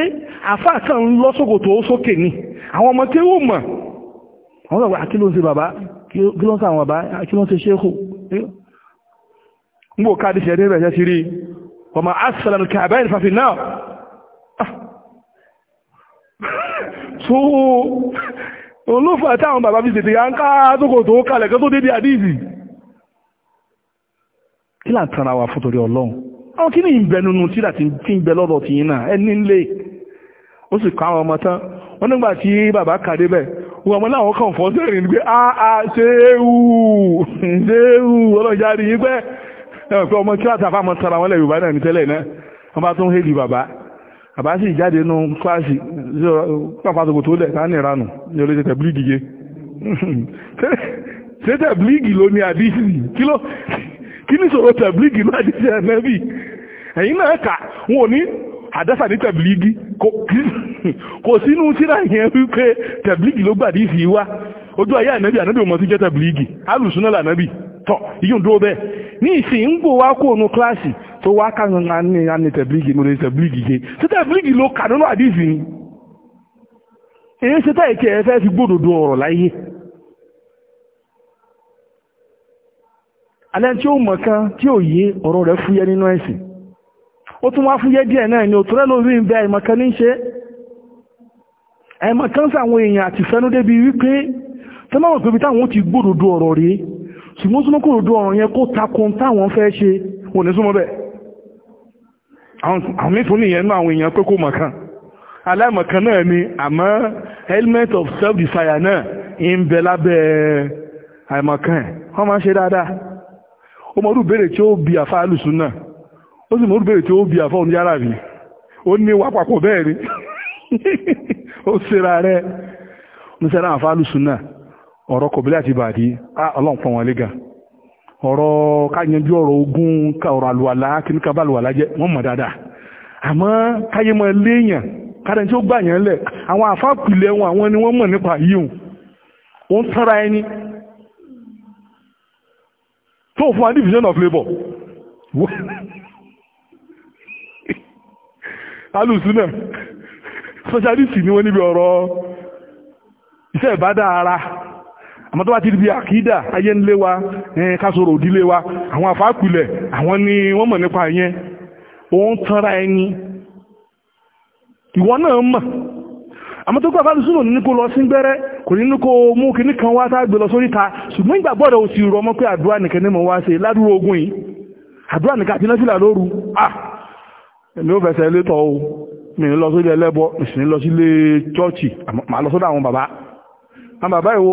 àfáà kan ń lọ ṣòkòtò sókè ni àwọn ọmọ ó mọ̀ àwọn ló ń ṣe bàbá kí ló ń ṣe àwọn bàbá ló ń وما أسفل الكعبين ففي النار ah. so olófà táwọn bàbá fi ṣètì yàn ká tókò tó kalẹ̀ kó tó dédé àdíìsì kí là ń tara wà fún torí ọlọ́run àwọn kí ní ìbẹ̀ nínú tí láti tí ń bẹ lọ́dọ̀ tí yín náà ẹni nílé ó sì kọ́ àwọn ọmọ tán wọ́n nígbà tí bàbá kàdé bẹ̀ wọ́n ọmọ láwọn kàn fọ́ sẹ́rìn pé a a ṣe é wù ṣe é wù ọlọ́jà rí yín pẹ́ ẹ̀wọ̀n pé ọmọ tí wàá tàfà mọ́ tara wọn lẹ̀ yorùbá náà ní tẹ́lẹ̀ náà wọ́n bá tún hédi bàbá bàbá sì jáde nù kíláàsì pàpàtàkì tó lẹ̀ ká ní ìranù ní olóyè tẹ̀ bílíìgì yé <laughs> ṣé tẹ̀ bílíìgì ló ní àdísì kí ló kí ní sọ̀rọ̀ tẹ̀ bílíìgì ló àdísì ẹ̀ náà bì ẹ̀yin náà kà wọn ò ní àdásà ní tẹ̀blígì kò sínú síra yẹn wípé tẹ̀blígì ló gbàdí ìfì wá ojú ayé ànábì ànábì ọmọ tí jẹ́ tẹ̀blígì alùsúnà lànábì Tọ yíò dúró bẹ́ẹ̀ ní ìsìn ń gbò wá kó ònú kíláàsì tó wá kánú ní àní tẹ̀blígì ní tẹ̀blígì ṣe ṣe tẹ̀blígì ló kà nínú àdìsí ni èyí ṣe tẹ̀kẹ́ ẹ fẹ́ fi gbódòdó ọ̀rọ̀ láyé alẹ́ tí ó mọ̀ kan tí ò yé ọ̀rọ̀ rẹ̀ fúyẹ́ nínú ẹ̀sìn ó tún wá fúyẹ́ díẹ̀ náà ni lórí ṣùgbọ́n súnmọ́ kò rúdú ọ̀rọ̀ yẹn kó takun táwọn fẹ́ ṣe wò ní súnmọ́ bẹ́ẹ̀ àwọn mìtún nìyẹn nú àwọn èèyàn pé kó mọ̀kan aláìmọ̀kan náà ni àmọ́ element of self-desire náà ń bẹ lábẹ́ àìmọ̀kan ẹ̀ wọ́n máa ń ṣe dáadáa ó mọ̀ orúbèrè tí ó bí àfa alùsùn náà ó sì mọ̀ orúbèrè tí ó bí àfa oníyàrá mi ó ní wà papọ̀ bẹ́ẹ̀ ni <laughs> ó ṣera rẹ̀ mo ṣe ra àfa alùsùn náà ọ̀rọ̀ kòbílẹ̀ àti bàdí ọlọ́run wọn ọ̀rọ̀ káyanjú ọ̀rọ̀ ogun ọ̀rọ̀ àlùwàlá kíníkà bá àlùwàlá jẹ́ wọ́n mọ̀ dáadáa àmọ́ káyé mọ léèyàn tí ó gbà yẹn lẹ̀ àwọn àfáàpìlẹ̀ wọn àwọn ni wọ́n mọ̀ nípa yíhun wọ́n tọ́ra ẹni tó fún wa division of labour <laughs> socialist ni wọ́n níbi ọ̀rọ̀ iṣẹ́ ìbádá ara àmọ́ tó bá ti di àkídà ayé ńlé wa kásòrò òdílé wa àwọn àfáàpìlẹ̀ àwọn ni wọ́n mọ̀ nípa yẹn òun tanra ẹni ìwọ náà mọ̀ àmọ́ tó gbàfà lùsùnù ní kó lọ sí gbẹ́rẹ́ kò ní ní kó mú kí ní wá tá gbé lọ sórí ta ṣùgbọ́n ìgbà ò sì rọ ọmọ pé àdúrà nìkan ní mọ̀ wá ṣe ládùúrò ogun yìí àdúrà nìkan àti nọ́sílà lóru ah èmi ò fẹsẹ̀ ilé tọ́ o mi ní lọ sílé ẹlẹ́bọ mi sì ní lọ sílé chọ́ọ̀chì màá lọ sọ́dọ̀ àwọn bàbá àwọn bàbá ìwo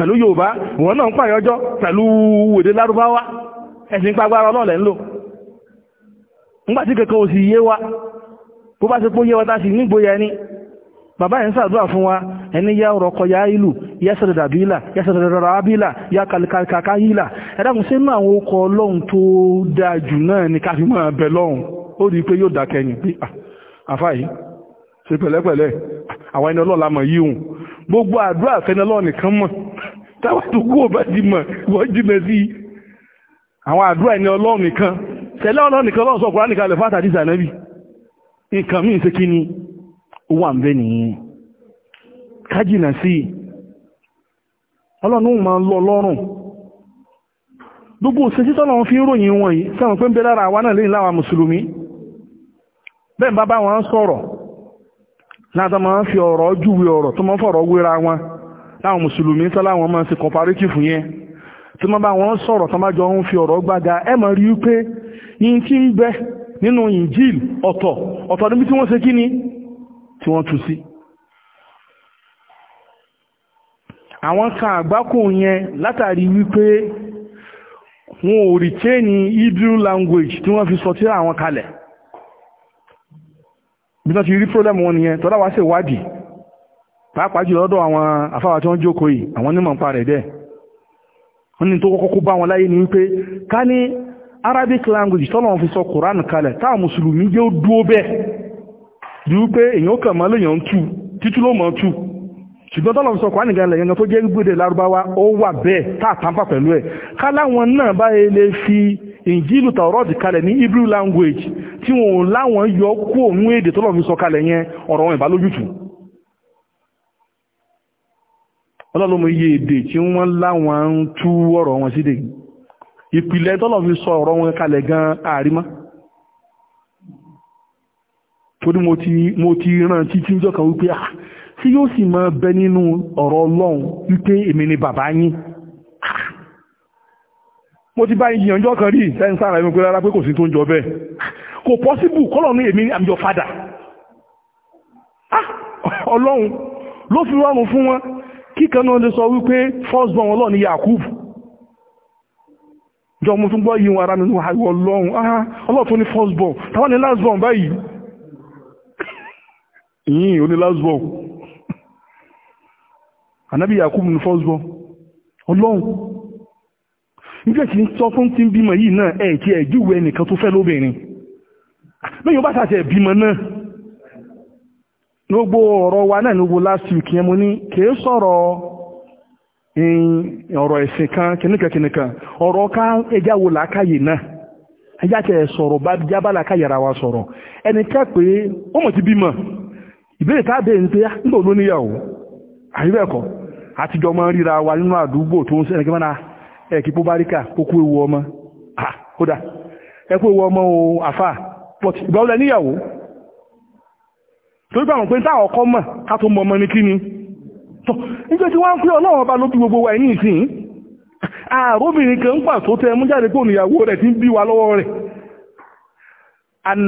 pẹ̀lú Yorùbá ìwọ náà ń pààyàn ọjọ́ pẹ̀lú èdè Lárúbáwá ẹ̀sìn pàgbára ọlọ́ọ̀lẹ̀ ńlò ńgbàtí kẹ́kọ̀ọ́ sì yé wa bó bá ṣe pó yé wa tá sì nígboyà ní bàbá ẹ̀ ń sàdúrà fún wa ẹni yá ọ̀rọ̀kọ̀ yá ìlú yá sẹ̀dẹ̀dà bílà yá sẹ̀dẹ̀dà bílà yá kàlìkàkà yílà ẹ̀dàkùn sí náà àwọn okọ̀ ọlọ́run tó dáa jù náà ni ká fi máa bẹ lọ́run ó rí i pé yóò dákẹ́ ni pé àfáyí ṣe pẹ̀lẹ́pẹ̀lẹ́ àwọn ẹni ọlọ́ọ̀la mọ̀ yíhun gbogbo àdúrà fẹ́ni ọlọ́ọ̀ nìkan mọ̀ táwọn tó kú ọba ti mọ̀ wọ́n jìnà sí àwọn àdúrà ẹni ọlọ́run nìkan tẹ̀lé ọlọ́run nìkan lọ́sọ̀ ọkùnrin nìkan lè fàtà dìsà náà bí nǹkan ṣe kí ni ó wà ń bẹ nìyẹn ká jìnà sí lọ lọrụn. gbogbo òṣèṣẹ́ tọ́lọ́run fi ń ròyìn wọn sẹ́wọ̀n pé ń bẹ lára àwa náà lẹ́yìn láwa mùsùlùmí bẹ́ẹ̀ bá bá wọn sọ̀rọ̀ láti máa ń fi ọ̀rọ̀ júwe ọ̀rọ̀ tó táwọn mùsùlùmí sọ́lá wọn máa ń ṣe comparative yẹn tí wọ́n bá wọn sọ̀rọ̀ tán bá jọ ń fi ọ̀rọ̀ gbága ẹ mọ̀ rí pé yín tí ń bẹ nínú Injil ọ̀tọ̀ ọ̀tọ̀ níbi tí wọ́n ṣe kí ni tí wọ́n tú sí àwọn kan àgbákò yẹn látàrí wípé wọn ò rí chéènì Hebrew language tí wọ́n fi sọ tí àwọn kalẹ̀ bí wọ́n ti rí problem wọn nìyẹn tọ́lá wá ṣèwádìí pàápàá jùlọ ọdọ àwọn afáwà tí wọ́n jókòó yìí àwọn onímọ̀ nípa rẹ̀ dẹ̀ wọ́n ní tó kọ́kọ́ kó bá wọn láyé ní wípé ká ní Arabic language tọ́lọ̀ fi sọ Quran kalẹ̀ táwọn mùsùlùmí jẹ́ ó dúó bẹ́ẹ̀ di wípé èyàn kàn mọ́ lèyàn tú títú ló tú ṣùgbọ́n tọ́lọ̀ fi sọ Quran kalẹ̀ yẹn tó jẹ́ gbèdè Lárúbáwá ó fi kalẹ̀ ní Hebrew language tí wọn láwọn yọ kó òun èdè tọ́lọ̀ fi ọlọ́run iye èdè tí wọ́n láwọn ń tú ọ̀rọ̀ wọn síde ìpìlẹ̀ tọ́lọ̀ fi sọ ọ̀rọ̀ wọn kalẹ̀ gan àrímá torí mo ti ràn títí jọ kan wípé ah tí yóò sì máa bẹ nínú ọ̀rọ̀ ọlọ́run wípé èmi ni bàbá yín ah. mo ti bá ìyàn jọ kan rí sẹ́ńsára ẹ̀mí pé rárá pé kò sí tó ń jọ bẹ́ẹ̀ ah, kò pọ́síbù kọ́lọ̀ ní èmi àmì jọ fada ọlọ́run ló fi rọrùn fún wọn kíkan náà lè sọ wípé first born ọlọ́ ni Yakub jọ mo tún gbọ́ yìí wọn ara mi wọ lọ́run ah ọlọ́ tó ní first born táwọn ní last born báyìí <laughs> yìí ó ní last born ànábì Yakub ní first born ọlọ́run nígbà tí ń sọ fún tí ń bímọ yìí náà ẹ̀ tí ẹ̀ júwe ẹnìkan tó fẹ́ lóbìnrin lóyún bá ṣàṣẹ bímọ náà gbogbo ọ̀rọ̀ wa náà ní last week yẹn ní kìí sọ̀rọ̀ ọ̀rọ̀ ẹ̀sìn kan kìnnìkan ọ̀rọ̀ ká ẹja wo làákàyè náà ẹja tẹ̀ sọ̀rọ̀ bá jábá làákàyè ara wa sọ̀rọ̀ ẹni ká pé ó mọ̀ ti ìbéèrè a pé ah, wa nínú àdúgbò tó ń sẹ́ni kí ah, ẹ̀kí ah, ewu ọmọ o torí pé àwọn pé táwọn ọkọ mọ̀ ká tó mọ ọmọ ní kí ni tọ́ nígbẹ́ tí wọ́n ń pè ọlọ́run ọba ló bí gbogbo wa ní ìsìn ààrùnbìnrin kan ń pà tó tẹ mú jáde kó níyàwó rẹ̀ tí ń bí wa lọ́wọ́ rẹ̀ ẹni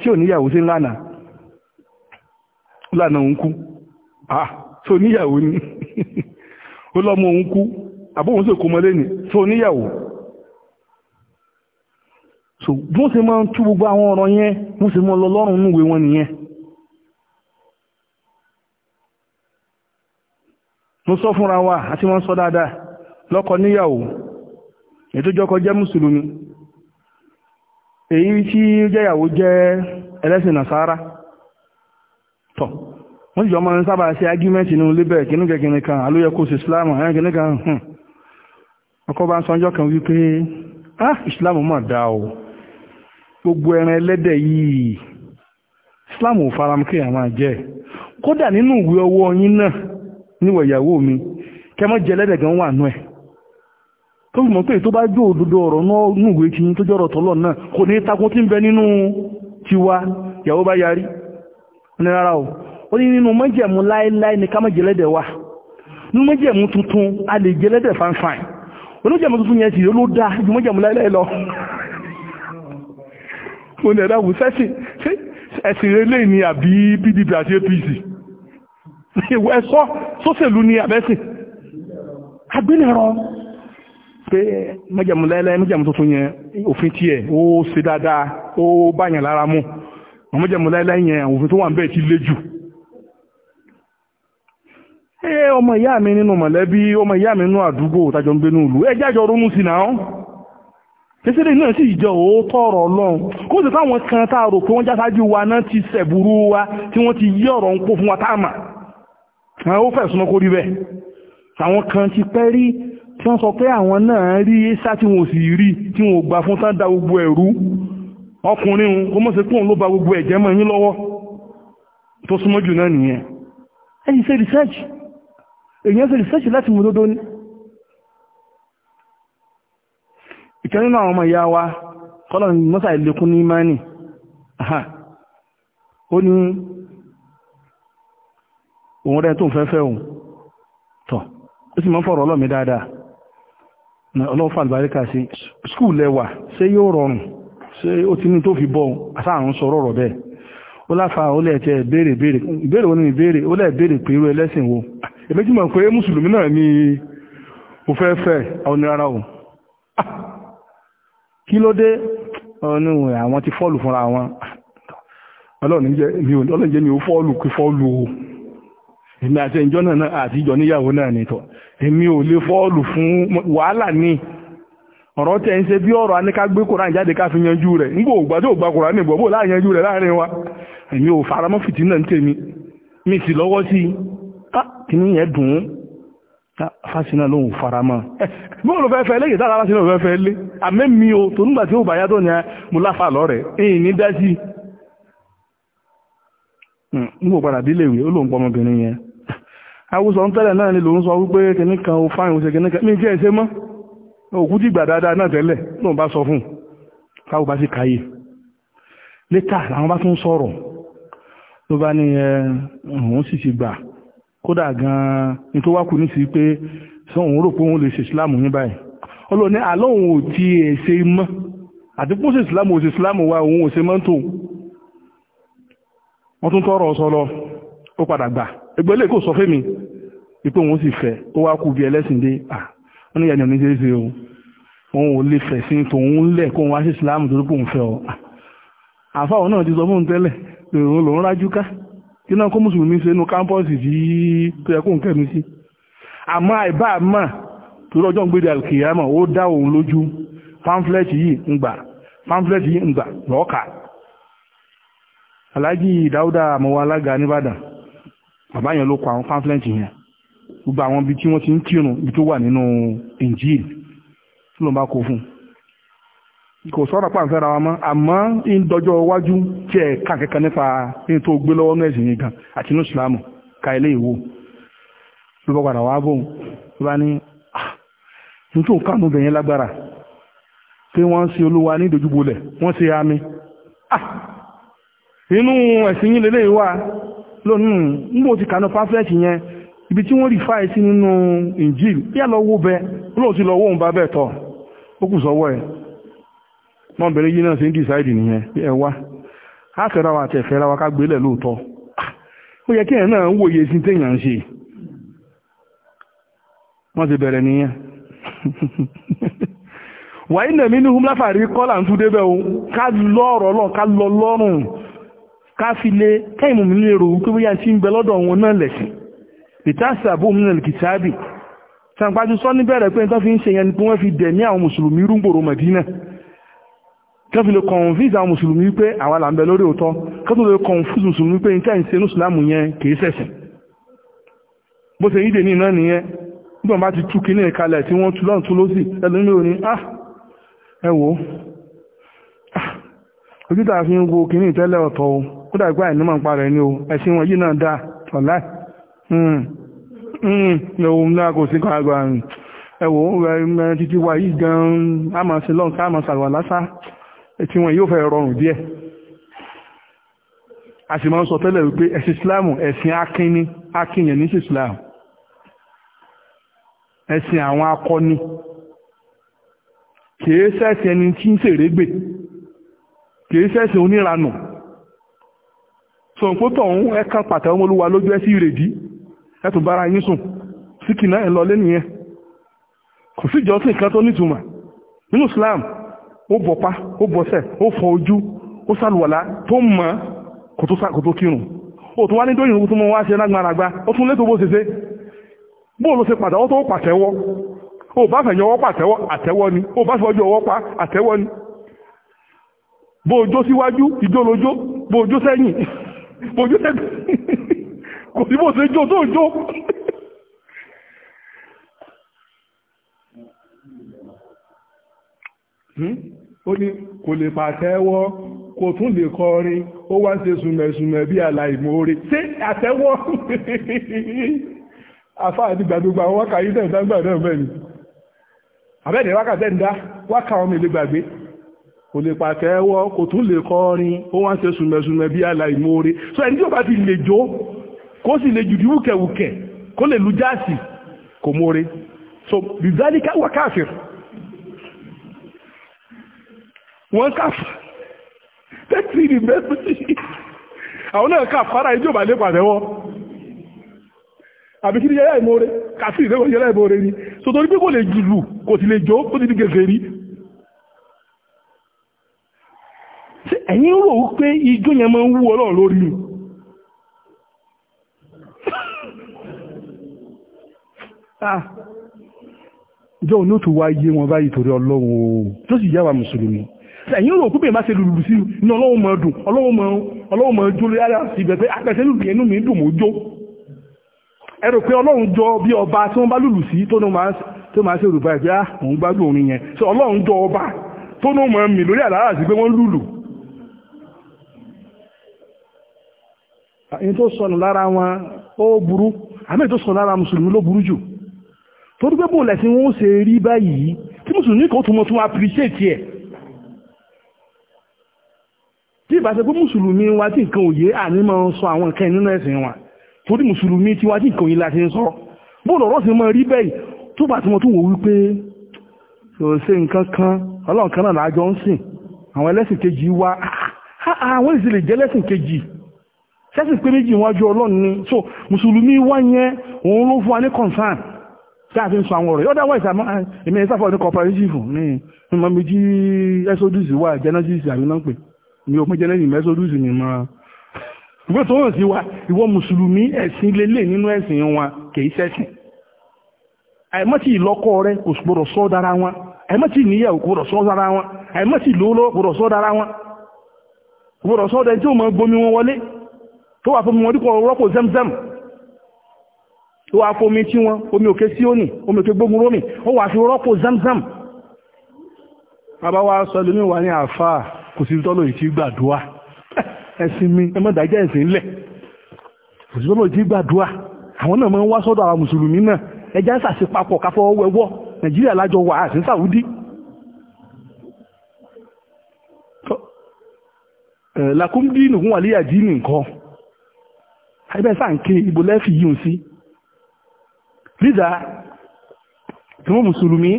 tí ò níyàwó sí lánàá lànà òun kú ah tó níyàwó ni <laughs> ó lọ́mọ òun kú àbóhun sì kó mọ́lé ni tó níyàwó so bó ṣe máa ń tú gbogbo àwọn ọ̀rọ̀ yẹn bó ṣe máa wọn nìyẹn mo fúnra wa àti sọ dáadáa níyàwó mùsùlùmí èyí tí nàṣàrà tọ̀ wọ́n sì jọ máa ń sábà ṣe ágímẹ́ǹtì nínú lébẹ̀ kínú kẹkìnrin kan àlóyẹ kó sí islam ẹ̀yìn kìnní kan ọkọ bá ń sọ ọjọ́ kan wípé ah islam mà dá o gbogbo ẹran ẹlẹ́dẹ̀ yìí islam ò faram kí àwọn àjẹ́ kódà nínú ìwé ọwọ́ yín náà níwọ̀ ìyàwó mi kẹ́ mọ́ jẹ ẹlẹ́dẹ̀ gan wà nú ẹ̀ tó fi mọ̀ pé tó bá jó òdodo ọ̀rọ̀ náà nùgbé kí tó jọ́rọ̀ tọ́lọ̀ náà kò ní takun tí ń bẹ nínú tiwa ìyàwó bá yarí ní rárá o ó ní nínú mọ́jẹ̀mú láéláé ní ká má jẹlẹ́dẹ̀ wà nínú mọ́jẹ̀mú tuntun a lè jẹlẹ́dẹ̀ fáńfáìn oníjẹ̀mú tuntun yẹn sì yóò ló dáa ju mọ́jẹ̀mú láéláé lọ ó ní ẹ̀dá wù sẹ́sìn ẹ̀sìn relé ni àbí PDP àti APC ìwọ ẹ̀sọ́ sóṣèlú ni àbẹ́sìn agbélẹ̀rọ pé mọ́jẹ̀mú láéláé mọ́jẹ̀mú tuntun yẹn òfin tiẹ̀ ó ṣe dáadáa ó báyàn lára mú wọ́n mọ́jẹ̀mú láíláí yẹn àwọn òfin tó wà ń bẹ́ẹ̀ ti lé jù ẹ ọmọ ìyá mi nínú mọ̀lẹ́bí ọmọ ìyá mi nínú àdúgbò tàjọ ń gbé nínú ẹ jájọ ronú sí náà kẹsílẹ̀ náà sì jẹ́ òótọ́ ọ̀rọ̀ ọlọ́run kó sì táwọn kan tá a rò pé wọ́n jásájú wa náà ti ṣẹ̀bùrú wa tí wọ́n ti yí ọ̀rọ̀ ń kó fún wa táàmà àwọn ó fẹ̀ súnmọ́ kó rí bẹ́ẹ̀ àwọn kan ti pẹ́ rí tí wọ́n sọ pé àwọn náà rí sá tí wọn ò sì rí tí wọn ò gbà fún tán da gbogbo ẹ̀rú ọkùnrin o mọ́ sí ló ba gbogbo ẹ̀jẹ̀ mọ́ yín lọ́wọ́ tó súnmọ́ jù náà nìyẹn research èyàn ṣe research láti mú lódó ní ìkẹ́ nínú àwọn ọmọ ìyá wa kọ́lọ̀ mọ́sà ìlékún ní imani ó ní òun rẹ̀ tó ń fẹ́fẹ́ òun tọ̀ ó sì ṣe ó ti ní tó fi bọ́ àsáàrùn sọ rọ̀rọ̀ bẹ́ẹ̀ ó láfa ó lẹ́ẹ̀ tẹ́ béèrè béèrè béèrè ó ní ìbéèrè ó lẹ́ẹ̀ béèrè pé irú ẹlẹ́sìn wo èmi tí mọ̀ pé mùsùlùmí náà ni ó fẹ́ fẹ́ onírara o ah! kí ló dé ọ̀nù àwọn ti fọ́ọ̀lù fúnra wọn ọlọ́run jẹ́ mi ò fọ́ọ̀lù kí fọ́ọ̀lù o èmi àti ìjọ náà àti ìjọ níyàwó náà nìtọ̀ èmi ò lè fọ́ọ̀lù fún wàhálà ni ọ̀rọ̀ tẹ̀ ń ṣe bí ọ̀rọ̀ aníká gbé koran jáde ká fi yanjú rẹ̀ nígbà ògbà tí ògbà koran nìbọ̀ bó láà yanjú rẹ̀ láàrin wa èmi ò faramọ́ fìtínà ń tèmi mi sì lọ́wọ́ sí i kìíní yẹn dùn ún fásinà ló ń faramọ́ bó ló fẹ́ fẹ́ lé ìdára fásinà ló fẹ́ fẹ́ lé àmẹ́ mi o tó nígbà tí ó bàyá tó ní mo láfa lọ rẹ̀ èyí ní dásí hmm, nígbà padà délé ìwé ó ló ń pọ ọmọbìnrin yẹn awùsọ̀ ń tẹ́lẹ̀ náà ni ló ń sọ wípé kìíní kan ó fáyìn ó ṣe kìíní mi jẹ́ ìṣe mọ́ òkú dìgbà dáadáa náà tẹ́lẹ̀ náà bá sọ fún un káwọ́ bá sì káyè létà làwọn bá tún sọ̀rọ̀ ló bá ní ẹ òun sì ti gbà kódà gan-an ní tó wá kù ní sí pé sọ òun rò pé òun lè ṣe ìsìláàmù yín báyìí ọlọ́ọ̀ni àlọ́hùn ò ti ẹ̀ ṣe mọ́ àti pọ́n ṣe ìsìláàmù ò ṣe ìsìláàmù wa òun ò ṣe mọ́ tó wọ́n tún tọrọ ọ̀sọ́ lọ ó padà gbà ẹgbẹ́ lè kó sọ fẹ́mi ipò òun sì fẹ́ ó wá kù bí ẹlẹ́sìn dé ó ní ìyàjọ̀ ní ṣe é o òun ò lè fẹ̀sìn tòun lẹ̀ kóun wá sí islam torí kóun fẹ́ ọ àfáwọn náà ti sọ fóun tẹ́lẹ̀ òun lòun rájú ká kí náà kó mùsùlùmí ṣe inú kámpọ́ọ̀sì tí tó yẹ kóun kẹ́mi sí àmọ́ àìbá àmọ́ torí ọjọ́ ń gbé alkiyama ó dá òun lójú pamphlet yìí ń gbà pamphlet yìí ń gbà lọ́ọ̀kà aláàjì dáúdà àmọ́wọ́ alága nìbàdàn bàbá yẹn ló kọ àwọn pamphlet yẹn gbogbo àwọn ibi tí wọ́n ti ń kírun ibi tó wà nínú Injil tó ló ń bá kó fún kò sọ́ra pàǹsára wa mọ́ àmọ́ ń dọjọ́ iwájú tí ẹ̀ ká kankan nípa ní tó gbé lọ́wọ́ ní ẹ̀sìn yìí gan àti ní ìsìlámù ka ilé ìwò ló bá padà wá bóun ló bá ní ah, nítorí kánú bẹ̀yẹn lágbára pé wọ́n ń ṣe olúwa ní ìdojúbolẹ̀ wọ́n ṣe àmì ah, inú ẹ̀sìn yìí lélẹ́yìí wà lónìí ń bò ti kánú pamphlet yẹn ibi tí wọ́n rí fáì sí nínú Injil yà lọ wó bẹ olóòtú lọ wóhun bá bẹ́ẹ̀ tọ̀ ó kù sọ́wọ́ ẹ̀ mọ́bìnrin yìí náà sí ń dìsáìdì nìyẹn ẹ wá á fẹ́ra wa àtẹ̀fẹ́ ra wa ká gbélẹ̀ lóòótọ́ ah, ó yẹ kí ẹ̀ náà ń wòye sí téèyàn ń ṣe wọ́n ti bẹ̀rẹ̀ nìyẹn <laughs> wàá iná mi ní humlafa rí kọ́là ń tún débẹ̀ o ká lọ ọ̀rọ̀ lọ ká lọ lọ́rùn ká fi lé kẹ́yìn mọ̀mí lè rò wípé bóyá ti ń bẹ lọ́dọ̀ wọn náà lẹ̀sìn ìtàṣàbò mìíràn kìtàbì sàǹpájú sọ níbẹ̀rẹ̀ pé tó fi ń ṣe yẹn ni pé wọ́n fi dẹ̀mí àwọn mùsùlùmí rúgbòrò Mẹ̀dínà tó fi lè kọ̀nfíìsì àwọn mùsùlùmí pé àwa là ń bẹ lórí òótọ́ kó tó lè kọ̀nfíìsì mùsùlùmí pé nǹkan ìṣe ní ìsìlámù yẹn kìí ṣẹ̀ṣẹ̀ bó ṣe yíde ní iná nìyẹn nígbà bá ti tú kíní ìkalẹ̀ tí wọ́n tú lọ́nà tó lọ́sì ẹlòmí ò ní ah ẹ wò ó ah, ojú tàà fi ń wo kíní ìtẹ́lẹ̀ ọ̀tọ̀ o kódà gbá ìnímọ̀ ń parẹ́ ni o ẹ̀sìn wọn yìí náà dáa ọ̀láì ẹ̀wọ̀n hmm. hmm. náà kò sí kan àgbà ẹ̀wọ̀n títí wà yìí gan-an àmà sí lọ́n ká àmà sàrwà lásá tí wọ́n yóò fẹ́ rọrùn díẹ̀ a sì máa ń sọ tẹ́lẹ̀ wípé ẹ̀sìn Islam ẹ̀sìn akínní akínyẹ̀ ní Islam ẹ̀sìn àwọn akọni kìí sẹ́sìn ẹni tí ń ṣèrégbè kìí sẹ́sìn oníranù sọ̀nkótọ̀ ń ẹ̀ka pàtàkì olúwa lójú ẹ̀sìn ìrèdí ẹ̀tùn bára yín sùn sí kìnnà ẹ̀ lọ lẹ́nu yẹn kò sí ìjọsìn kan tó nítumọ̀ nínú Islam ó bọ̀pá ó bọ̀sẹ̀ ó fọ ojú ó sàlùwàlá tó mọ̀ kò tó kírun ó tún wá ní dóyìn tó mọ́ wá ṣe lágbàràgbà ó tún létò bó ṣe ṣe bóò ló ṣe pàtàwọ́ tó pàtẹ́wọ́ ó bá fẹ̀yìn ọwọ́ pàtẹ́wọ́ àtẹ́wọ́ ni ó bá fọ́jú ọwọ́ pa àtẹ́wọ́ ni bóòjó síwájú ìjó lójó bóòjó sẹ́yìn <laughs> bóòjó sẹ́yìn <laughs> kò sí bó ṣe jó tó jó hmm? ó ní kò lè pàtẹ́wọ́ kò tún lè kọrin ó wá ṣe sùmẹ̀sùmẹ̀ bí aláìmoore ṣé àtẹ́wọ́ afá <laughs> àti gbàgbogbo àwọn wákà yìí tẹ̀sán gbà náà bẹ́ẹ̀ ni àbẹ́ẹ̀dẹ̀ wákà tẹ́ ń dá wákà ọmọ ilé gbàgbé kò lè pàtẹ́wọ́ kò tún lè kọrin ó wá ṣe sùmẹ̀sùmẹ̀ bí aláìmoore so ẹni tí ó bá ti lè jó kó sì lè jùdí wùkẹ̀wùkẹ̀ kó lè lu jáàsì kò mọ́re so bizalika wà káfir wọ́n káfà tẹ́tì ní mẹ́sì àwọn náà káfàrà ìjọba lè pàtẹ́wọ́ àbí kí ní yẹ́yà ìmọ́re kàfí ìrẹ́wọ̀ yẹ́yà ìmọ́re ni so torí pé kò lè jùlù kò sì lè jó kò sì ní gẹ̀ẹ́fẹ́ rí ẹ̀yin rò wípé ijó yẹn máa ń wú ọlọ́run lórí ah jọ òun ó tún wá yé wọn báyìí torí ọlọ́run o tó sì yá wa mùsùlùmí ẹ̀yìn rò kúbẹ̀ máa ṣe lùlù sí ní ọlọ́run mọ̀ dùn ọlọ́run mọ̀ jó lórí síbẹ̀ pé apẹ̀sẹ̀ ah, lùlù yẹn inú mi dùn mọ́ jó ẹ rò pé ọlọ́run jọ bí ọba tí wọ́n bá lùlù sí tó máa ṣe olùbá ìgbé àwọn gbádùn orin yẹn sọ ọlọ́run jọ ọba tó ní mọ̀ mí lórí àlàrà sí pé wọ́n lùlù ah, ẹni tó sọnù lára wọn ó burú àmì tó sọnù lára mùsùlùmí ló burú jù torí pé bóun lẹ̀sìn wọn ó ṣe rí báyìí tí mùsùlùmí kan tún mọ́ tún appreciate ẹ̀ tí ìbá ṣe pé mùsùlùmí wa tí nǹkan òye àní máa ń sọ àwọn nǹkan nínú ẹ̀sìn wa torí mùsùlùmí tí wa tí nǹkan òye la ti ń sọ bóun ọ̀rọ̀ sì máa rí bẹ́ẹ̀ tó bá ti mọ́ tún wò wípé kò ṣe nǹkan kan ọlọ́run kan náà lájọ ń sìn àwọn ẹlẹ́sìn kejì wa àwọn ìsìlè jẹ́ ẹlẹ́sìn kejì sẹ́sìn pé méjì wájú ọlọ́run ni so mùsùlùmí wá yẹn òun ló fún wa ní concern káàfi ń sọ àwọn ọ̀rọ̀ yọ́dá wáìsà eh, èmi ẹ̀ sáfọ́ ní cooperative ní ìmọ̀ mi jí exodus wà genesis àbínà pè mi ò pín genesis mi exodus mi mọ́ ìwé tó hàn sí wa ìwọ mùsùlùmí ẹ̀sìn lélẹ̀ nínú ẹ̀sìn wọn kì í ṣẹ̀sìn àìmọ́tì ìlọ́kọ rẹ kò gbọdọ̀ sọ́ dára wọn àìmọ́tì ìníyàwó kò gbọdọ̀ sọ́ dára wọn àìmọ́tì ìlówó kò gbọdọ̀ sọ́ dára wọn kò gbọdọ̀ sọ́ dẹ tí ó mọ gbomi wọn wọlé tó wà fún mi wọn dípò rọ́pò zemzem ó wá fomi tí wọ́n omi òkè síónì omi òkè gbógun rómì ó wà fi rọ́pò zamzam bàbá wa sọ lómi wà ní àfà kò sí tọ́lọ̀ ìtì gbàdúà <laughs> ẹ̀sìn mi ẹ mọ́ ẹ̀sìn ńlẹ̀ kò sí tọ́lọ̀ ìtì gbàdúà àwọn náà máa ń wá sọ́dọ̀ àwọn mùsùlùmí náà ẹja ń sàṣe papọ̀ káfọ́ wẹ́wọ́ nàìjíríà lájọ wà àti sàwúdí làkúndínù fún wàlíyà dín nìkan ẹgbẹ́ sáà ń lẹ́fì yìí ń sí Lídà tí wọ́n Mùsùlùmí,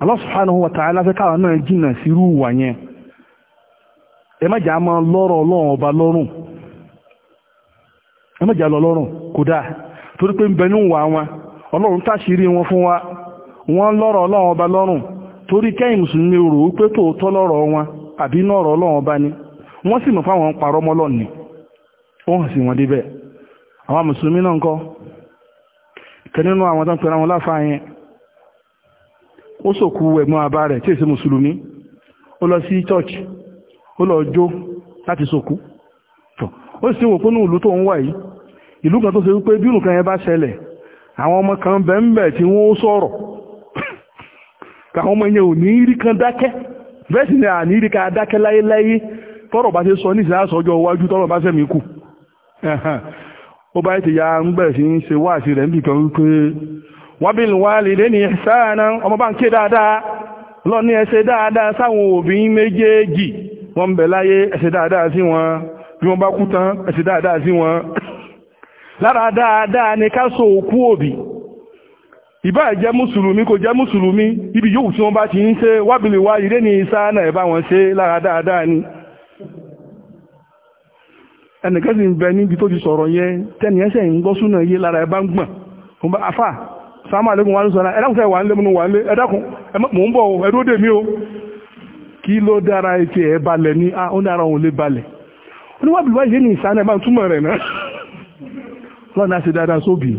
Allah subhanahu wa ta'ala fẹ́ káwa náà jìnnà sírú wà yẹn. Ẹ má jà máa ọba lọ́rùn. Ẹ má jà wọn. fún wa. Wọ́n lọ́rọ̀ ọlọ́run ọba lọ́rùn torí kẹ́yìn Mùsùlùmí rò ó pé wọn àbí náà ọlọ́run ọba ni. wọn débẹ̀. Àwọn Mùsùlùmí náà kan nínú àwọn tó ń pera wọn láfa yẹn ó sòkú ẹ̀gbọ́n àbá rẹ̀ tí èsì mùsùlùmí ó lọ sí church ó lọ jó láti sòkú tọ̀ ó sì wò pínú ìlú tó ń wà yìí ìlú kan tó ṣe wípé bí nǹkan yẹn bá ṣẹlẹ̀ àwọn ọmọ kan bẹ́ẹ̀ tí wọ́n sọ̀rọ̀ káwọn <laughs> ọmọ yẹn ò ní rí kan dákẹ́ bẹ́ẹ̀ sì ni àní rí kan dákẹ́ láyéláyé tọ́rọ̀ bá ṣe sọ ní ìsìn ó bá ti ya ń bẹ̀rẹ̀ sí ń ṣe wáàsí rẹ̀ níbi kan wípé wọ́n bí walidayni ihsana ọmọ bá ń ké dáadáa lọ́ní ẹ ṣe dáadáa sáwọn òbí méjèèjì wọ́n ń bẹ láyé ẹ ṣe dáadáa sí wọn bí wọ́n bá kú tán ẹ ṣe dáadáa sí wọn lára dáadáa ni ká so òkú òbí ìbá jẹ́ mùsùlùmí kò jẹ́ mùsùlùmí ibi yóò tí wọ́n bá ti ń ṣe wábìlì wá ìrẹ́ni ìsáà náà ẹ̀bá wọn ṣe lára dáadáa ni ẹnìkan sì ń bẹ níbi tó ti sọ̀rọ̀ yẹn tẹ́ni ẹsẹ̀ ń gbọ́ súnà yé lára ẹ bá ń gbọ̀n mo bá afá sáàmù àlékún wàá ń sọ̀rọ̀ ẹ̀dákun sẹ́ wà ń lé mo wà ń lé ẹ̀dákun mò ń bọ̀ ẹ̀dúró dè o kí ló dára ètè ẹ̀ balẹ̀ ah, ní a ó dára òun lé balẹ̀ oníwàbí wáyé ní ìsáná ẹ̀ bá ń túmọ̀ rẹ̀ náà <laughs> lọ́nà ṣe dáadáa sóbì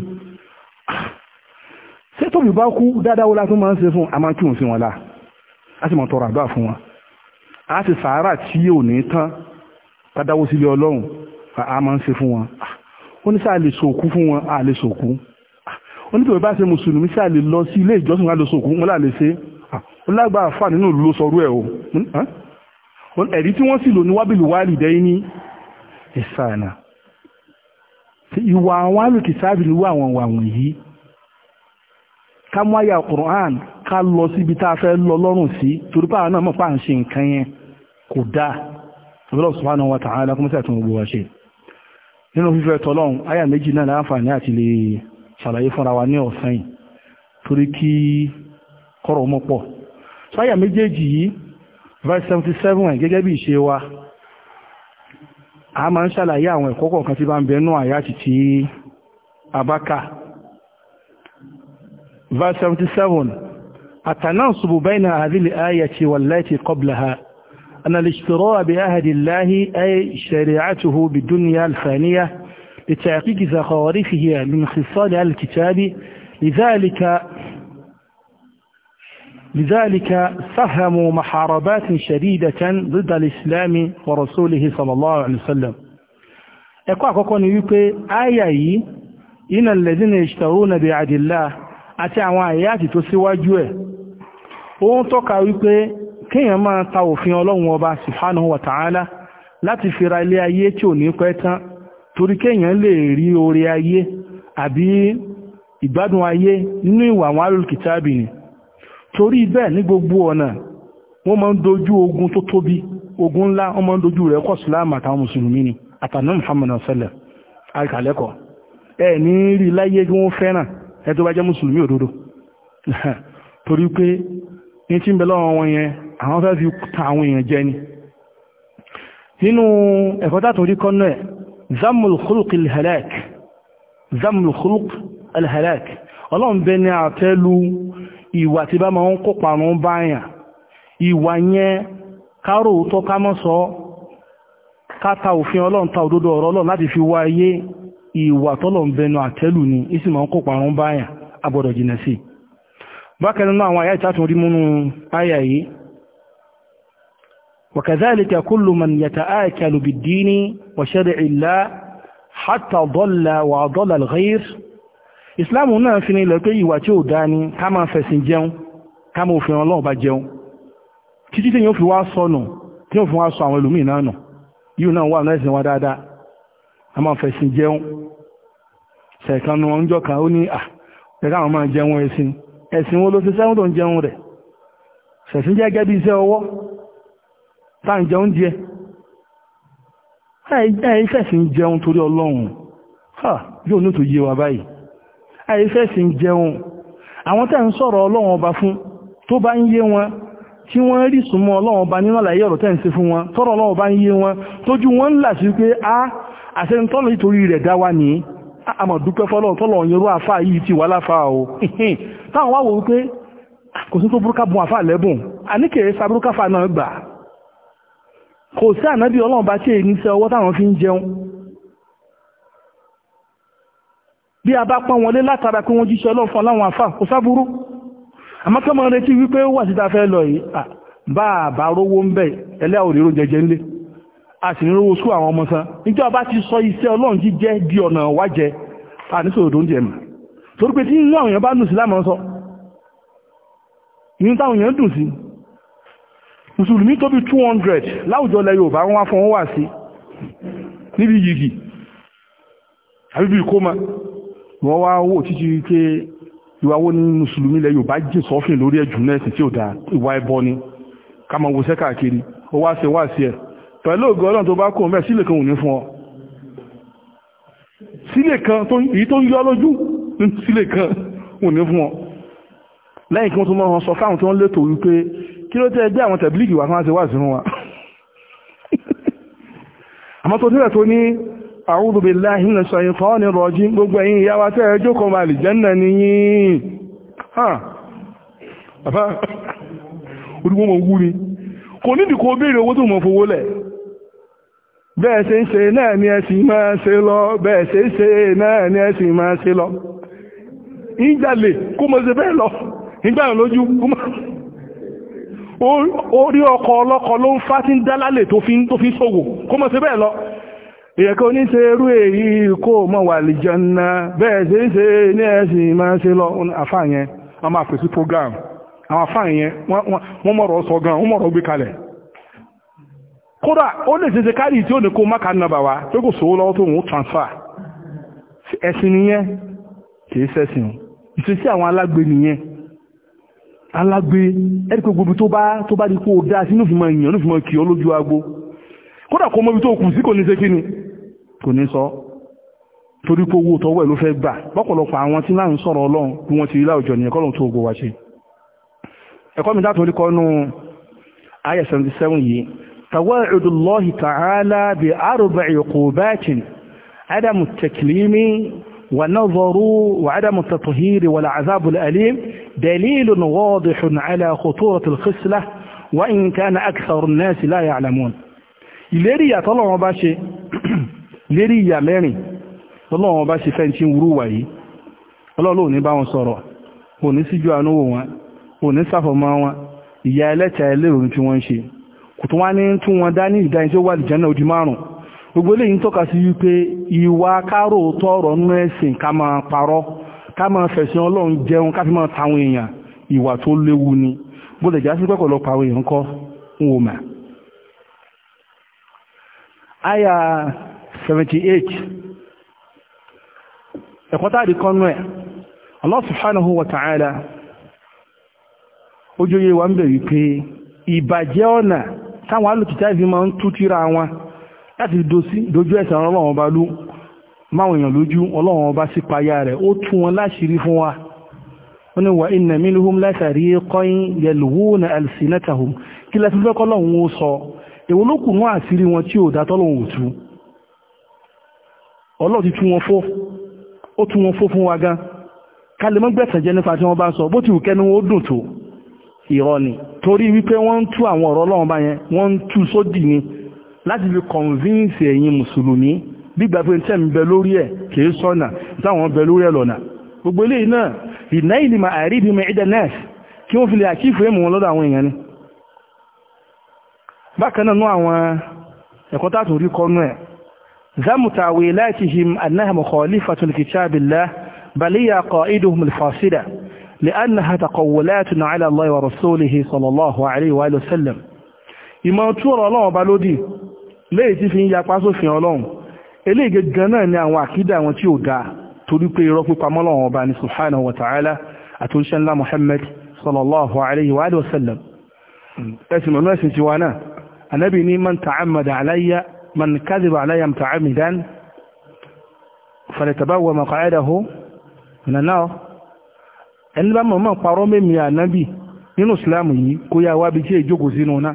<sighs> ṣé tóbi bá kú dáadáa wọlá tó máa sílé ọlọ́run a máa ń ṣe fún wọn ah, ó ní sáà lè sòkú fún wọn a lè sòkú ah, ó ní tòun bá ṣe mùsùlùmí sáà lè lọ sí ilé ìjọsìn wa lè sòkú wọn là lè ṣe ah, ó lágbàá fà nínú ìlú ló sọrú ẹ o hmm, ẹ̀rí tí wọ́n sì lò ní wábìlì wáàlì dẹ́yìn ní ìsànà ìwà àwọn alùkìtàbí ni wọ́n àwọn wà wọ̀nyí ká mú àyà Qur'an ká lọ síbi tá a fẹ́ lọ lọ́rùn sí torí pàwọn náà mọ̀ pàà ń ṣe nǹkan yẹn kò dáa Allah subhanahu wa ta'ala kó mọ́ sí gbogbo wa ṣe nínú fífẹ́ tọ́lọ́run àyà méjì náà láǹfààní àti lè ṣàlàyé fúnra wa ní ọ̀sán yìí torí kí kọ́rọ̀ mọ́ pọ̀ sáyà méjèèjì yìí verse seventy seven ẹ̀ gẹ́gẹ́ bí ìṣe wa a máa ń ṣàlàyé àwọn ẹ̀kọ́ kọ̀ọ̀kan tí bá ń bẹ nú àyà àti tí abáka verse seventy seven àtànáà ṣubú bẹ́ẹ̀ náà àdìlẹ̀ àyà ti wà láti kọ́bìlà ha. أن الاشتراء بعهد الله أي شريعته بالدنيا الفانية لتحقيق زخارفه من خصال الكتاب لذلك لذلك فهموا محاربات شديدة ضد الإسلام ورسوله صلى الله عليه وسلم ẹ̀kọ́ àkọ́kọ́ ni wípé àyà yìí iná lẹ́dí ní ìṣtàrú nàbí àdìlá àti àwọn àyàtì tó síwájú kéèyàn máa ta òfin ọlọ́run ọba sifanọ wa láti fira ilé ayé tí ò ní pẹ́ torí kéèyàn lè rí orí ayé àbí ìgbádùn ayé nínú ìwà àwọn alùkìtàbì ni torí bẹ́ẹ̀ ní gbogbo ọ̀nà wọ́n máa ń dojú ogun tó tóbi ogun ńlá wọ́n máa rẹ̀ kọ́ àtàwọn mùsùlùmí ni àtàwọn ẹ ní rí láyé ẹ tó bá jẹ́ <laughs> ní tí ń bẹ lọ́wọ́ wọn yẹn àwọn fẹ́ fi ta àwọn èèyàn jẹ ni nínú ẹ̀kọ́ tàtòrí kọ́nà ẹ̀ zamul khuluq al-halak zamul khuluq al-halak ọlọ́run bẹ ní àtẹ́lu ìwà tí bá máa ń kó parun báyà ìwà yẹn káró tó ká mọ́ sọ káta òfin ọlọ́run ta òdodo ọ̀rọ̀ ọlọ́run láti fi wá ìwà tọ́lọ̀ ń bẹnu àtẹ́lù ni ìsì máa ń kó parun báyà a gbọ́dọ̀ jìnà sí i bákan nínú àwọn àyà ìtàtùn rí múnú àyà yìí وكذلك كل من يتآكل بالدين وشرع الله حتى ضل وضل الغير islam náà fi ní ilẹ̀ pé ìwà tí ó dá ní ká máa fẹ̀sìn jẹun ká máa òfin ọlọ́run bá jẹun títí tí yóò fi wá sọnù tí yóò fi wá sọ àwọn ẹlòmíì náà nù yíò náà wà lẹ́sìn wa dáadáa a máa fẹ̀sìn jẹun ṣẹ̀kan ní wọn ń jọ kan ó ní à ẹ̀ka àwọn máa jẹun ẹ̀sìn ẹ̀sìn wo ló fi sẹ́wọ́n tó ń jẹun rẹ̀ ṣẹ̀sìn jẹ́ gẹ́gẹ́ bí iṣẹ́ ọwọ́ tá ń jẹun jẹ àìfẹ́sìn jẹun torí ọlọ́run yóò ní tó yé wa báyìí àìfẹ́sìn jẹun àwọn tẹ́ ń sọ̀rọ̀ ọlọ́run ọba fún tó bá ń yé wọn tí wọ́n rí súnmọ́ ọlọ́run ọba nínú àlàyé ọ̀rọ̀ tẹ́ ń ṣe fún wọn tọ́rọ̀ ọlọ́run ọba ń yé wọn tójú wọn ń là sí pé a àṣẹntọ́nà nítorí rẹ̀ dá wa ní àmọ̀dúpẹ́ fọlọ́run tọ́lọ́run yẹrú àfáà yìí ti wà láfáà o <laughs> táwọn wá wò wípé kò sí tó burúkà bùn àfà lẹ́bùn àníkè saburúkà fà náà gbà kò sí ànábì ọlọ́run bá tí èyí ní sẹ ọwọ́ táwọn fi ń jẹun bí a bá pọ́n wọlé látara pé wọ́n jíṣẹ́ ọlọ́run fún aláwọn àfà kò sáburú àmọ́ kí wọ́n retí wípé wà síta fẹ́ lọ yìí bá a bá rówó ń bẹ̀ ẹlẹ́ òrìrò jẹjẹ ńlé a sì ní rówó sùkú àwọn ọmọ san níjọba torí pé tí inú àwọn èèyàn bá nù sí lámọ́ sọ inú táwọn èèyàn dùn sí mùsùlùmí tó bí 200 láwùjọ lẹ Yorùbá wọ́n wá fún wọ́n wà sí níbi yìgì àbíbí ìkómà wọ́n wá wò títí pé ìwà wo ni mùsùlùmí lẹ Yorùbá jìn sọ́fìn lórí ẹ̀jù nẹ́ẹ̀sì tí ò dáa ìwà ẹbọ ni ká máa wọṣẹ́ káàkiri ó wá sí wá sí ẹ̀ pẹ̀lú ògùn ọlọ́run tó bá kó sílẹ̀ kan ò fún ọ sílẹ̀ kan èyí tó ń yọ lójú sílé kan wọ́n ní fún ọ lẹ́yìn kí wọ́n tún mọ́ sọ fáwọn tí wọ́n lẹ́tọ̀ wípé kí ló tẹ́ ẹgbẹ́ àwọn tẹ̀bílìkì wà fún wà sínú wa àmọ́ tó nílẹ̀ tó ní a'udhu billahi bẹ́ẹ̀ ṣe ń ṣe náà ni ẹ máa ṣe lọ bẹ́ẹ̀ ṣe ń ṣe náà ni ẹ máa ṣe lọ ìjàlè kó mọ́ sí bẹ́ẹ̀ lọ ìgbàrùn lójú orí ọkọ̀ ọlọ́kọ̀ ló ń fá tí ń dálálè tó fi ń ṣòwò kó mọ́ sí bẹ́ẹ̀ lọ ìyẹ̀kọ́ ní ṣe irú èyí kó mọ̀ wà lè jẹunna bẹ́ẹ̀ ṣe ní ẹ̀sìn máa ṣe lọ àfáàyẹn program àwọn àfáàyẹn wọ́n mọ̀rọ̀ sọ gan wọ́n mọ̀rọ̀ gbé kalẹ̀ kódà ó lè ṣeṣe káàdì tí ó ní kó máka nàbà transfer ẹ̀sìn nìyẹn kì í ìṣesí àwọn alágbe nìyẹn alágbe ẹni pé gbogbo tó bá tó bá di kó o dá sí ní òfin máa yàn ní òfin máa kì ọ́ lójú agbo kódà kó mọ́bi tó kù sí kò ní ṣe kíni kò ní sọ torí pé owó tọwọ́ ẹ̀ ló fẹ́ gbà lọ́pọ̀lọpọ̀ àwọn tí láà ń sọ̀rọ̀ ọlọ́run bí wọ́n ti rí láwùjọ nìyẹn kọ́lọ́n tó gbò wá ṣe ẹ̀kọ́ mi dáàtò kọ́ nú ayé 77 yìí tawa'idu Allahi ta'ala bi arba'i uqubatin adamu ونظر وعدم التطهير والعذاب الأليم دليل واضح على خطورة الخسلة وإن كان أكثر الناس لا يعلمون ليريا طلع مباشي ليريا ميني طلع مباشي فانتين وروي الله لو نباو صورة ونسجو أنو ونسف ما يالتا اللي ونتوانشي كتواني انتو وداني دانجو والجنة ودمانو gbogbo eléyìí ń tọ́ka sí wípé ìwà kárò tọrọ nú ẹ̀sìn ká máa parọ́ ká máa fẹ̀sìn ọlọ́run jẹun ká fi máa tàwọn èèyàn ìwà tó léwu ni bó lè jásí pẹ́pọ̀lọpọ̀ àwọn èèyàn kọ́ ń wò mà. àyà ẹ̀kọ́ wa ojú oyè wa ń bẹ̀ wípé ìbàjẹ́ ọ̀nà láti dojú ẹ̀sẹ̀ àwọn ọlọ́run ọba lú máwọn èèyàn lójú ọlọ́run ọba sí payá rẹ̀ ó tú wọn láṣìírí fún wa wọ́n ni wà inna minhum látàrí kọ́yìn yalwuna alsinatahum kí lẹ́sí fẹ́ kọ́lọ́run ó sọ èwo ló kù mọ́ àṣírí wọn tí ò dá tọ́lọ́run ò tú ọlọ́run ti tú wọn fó ó tú wọ́n tú sódì ni láti fi convince ẹ̀yin mùsùlùmí gbígbà pé tẹ́ ń bẹ lórí ẹ̀ kìí sọ́nà táwọn bẹ lórí ẹ̀ lọ́nà gbogbo eléyìí náà ìná ìlìmọ̀ àìríbìmọ̀ ìdẹ nẹ́ẹ̀sì kí wọ́n fi lè àkífò èmù wọn lọ́dọ̀ àwọn èèyàn ni bákan náà àwọn ẹ̀kọ́ tààtò rí kọ́nú ẹ̀ zamuta wí láti him annaha mukhalifatun kitabillah baliya qa'iduhum al-fasida li'annaha taqawwalatun 'ala Allah wa rasulihi sallallahu alayhi wa sallam ìmọ̀ túrọ̀ léyìí tí fi ń yapa sófin ọlọ́run eléyìí gangan náà ni àwọn àkídà àwọn tí ò dáa torí pé irọ́ pípa mọ́lọ́run ọba ní subhanahu wa ta'ala àti oníṣẹ́ ńlá muhammad sallallahu alayhi wa alihi wa sallam ẹ̀sìn mọ̀nú ẹ̀sìn tiwa náà anabi ní man ta'ammada alayya man kadhiba alayya muta'ammidan falyatabawwa maq'adahu min an-nar ẹni bá mọ̀ mọ̀ parọ́ mẹ́mìí ànábì nínú ìsìlámù yìí kó yá wábi tí èjókòó sínú náà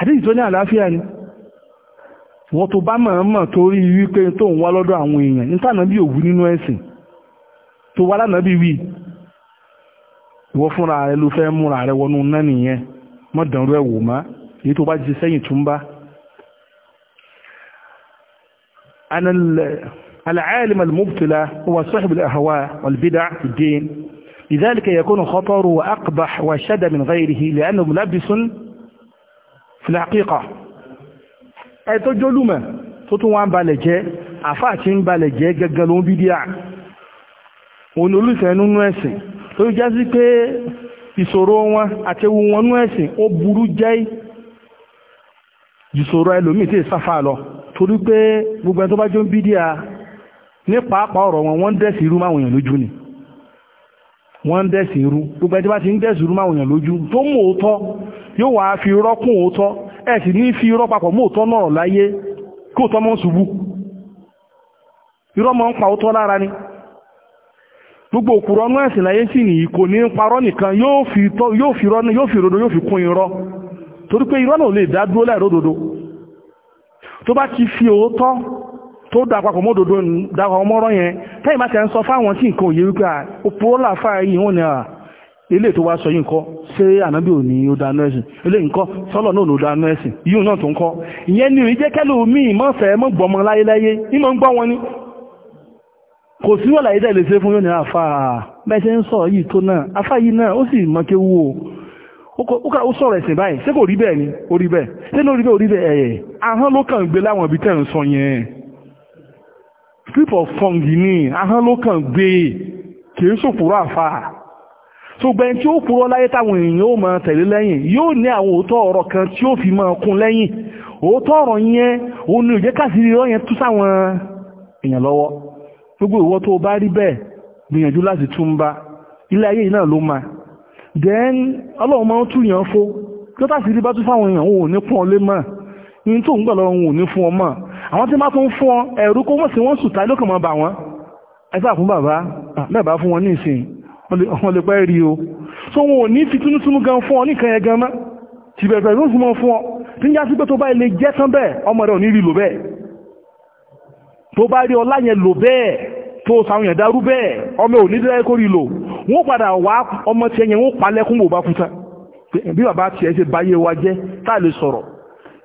àdéhì tó ní àlàáfíà ni wọ́n tó bá mọ̀ọ́mọ̀ tó rí wípé tó ń wá lọ́dọ̀ àwọn èèyàn ní tànà bí òwú nínú ẹ̀sìn tó wá lánàá bí wí ìwọ fúnra rẹ ló fẹ́ múra rẹ wọnú ná nìyẹn mọ́dànrú ẹ̀ wò má èyí tó bá ti sẹ́yìn tún bá العالم المبتلى هو صاحب الأهواء والبدع في الدين لذلك يكون خطره أقبح وشد من غيره لأنه ملبس filakíkà ẹ tó jólúmọ̀ tó tún wá ń balẹ̀ jẹ́ àfáà tí ń balẹ̀ jẹ́ gẹ́gẹ́ ló ń bí díà òun olùfẹ́ nínú ẹ̀sìn tó já sí pé ìṣòro wọn àtẹwu wọn nínú ẹ̀sìn ó burú jẹ́ ìṣòro ẹlòmíì tí ìsáfà lọ torí pé gbogbo ẹni tó bá jó ń bí díà ní pàápàá ọ̀rọ̀ wọn wọ́n ń dẹ̀sí irú máwòyàn lójú ni wọ́n ń irú gbogbo ẹjọ́ bá ti ń dẹ̀sìn irú máa wòyàn lójú tó mú òótọ́ yóò wá fi irọ́ kún òótọ́ ẹ̀ sì ní fi irọ́ papọ̀ mú òótọ́ náà láyé kí òótọ́ mọ́ ṣubú irọ́ mọ́ ń pa òótọ́ lára gbogbo òkúrọ́ ẹ̀sìn láyé sì ní parọ́ nìkan yóò fi fi kún irọ́ torí pé irọ́ náà lè dá dúró tó bá ti fi òótọ́ tó dá papọ̀ mọ́dòdó dáwọ̀ ọmọ́rọ́ yẹn tẹ́yìn máa tẹ́ sọ fáwọn tí nǹkan òye wípé òpóòlà ah, fáà yìí wọ́n ni à ilé tó wá sọ yìí nǹkan ṣé ànábì ò ní ó ẹ̀sìn ilé nǹkan sọ́lọ̀ náà ló ẹ̀sìn yìí náà tó ń kọ́ ìyẹn ni wọn ni kò sí wọ́n láyé ṣe fún yóò ní àfà bẹ́ẹ̀ ń sọ yìí tó náà afá yìí náà ó sì mọ́ kéwú o ó sọ̀rọ̀ ẹ̀sìn báyìí ṣé kò rí bẹ́ẹ̀ ni bẹ́ẹ̀ ṣé bẹ́ẹ̀ bẹ́ẹ̀ ló kàn gbé láwọn ibi slip of tongue ní ahọ́n ló kàn gbé e kì í ṣòkúrò àfà ṣùgbọ́n tí ó kúrò láyé táwọn èèyàn ó máa tẹ̀lé lẹ́yìn yóò ní àwọn òótọ́ ọ̀rọ̀ kan tí ó fi máa kún lẹ́yìn òótọ́ ọ̀rọ̀ yẹn òun ni òjẹ́ káàkiri ọ̀rọ̀ yẹn tú sáwọn èèyàn lọ́wọ́ gbogbo ìwọ tó bá rí bẹ́ẹ̀ gbìyànjú láti tún bá ilé ayé náà ló máa then ọlọ́run máa ń tú yàn fó tó tàbí bá tún fáwọn èèyàn òun ò ní pọ́n lé mọ́ ní tó ń gbà òun ò ní fún ọ mọ́ àwọn tí máa tún fún ọ ẹ̀rú kó wọ́n sì wọ́n sùtá lókàn máa bà wọ́n ẹ̀sà fún bàbá mẹ́bàá fún wọn ní ìsìn wọn lè pẹ́ rí o so wọn ò ní fi túnútúnú gan fún ọ nìkan yẹn gan mọ́ ti bẹ̀rẹ̀ ló sì mọ́ fún ọ tí ń já sí pé tó bá ilé jẹ́ tán bẹ́ẹ̀ ọmọ rẹ̀ ò ní rí lò bẹ́ẹ̀ tó bá rí ọlá yẹn lò bẹ́ẹ̀ tó sàwọn yẹn dárú bẹ́ẹ̀ ọmọ ò ní dẹ́rẹ́ kó rí lò wọ́n padà wá ọmọ tiẹ̀ yẹn wọ́n palẹ́kún bò bá kúta bí bàbá tiẹ̀ ṣe báyé wa jẹ́ táà lè sọ̀rọ̀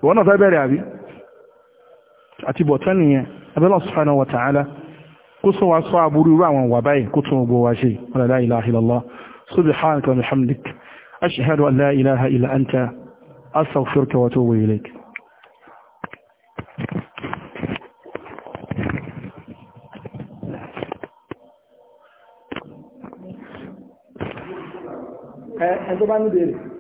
ìwọ náà fẹ́ bẹ̀rẹ̀ àbí àti bọ̀tán nìyẹn abẹ́lá subhanahu wa ta'ala kó sọ wá sọ àbúrú ru àwọn wà báyìí kó tún gbogbo wa ṣe wa la ilaha illallah subhanaka wa bihamdik ashhadu an la ilaha illa anta astaghfiruka wa atubu ilayk ẹ̀ẹ́dọ́bá ní bèèrè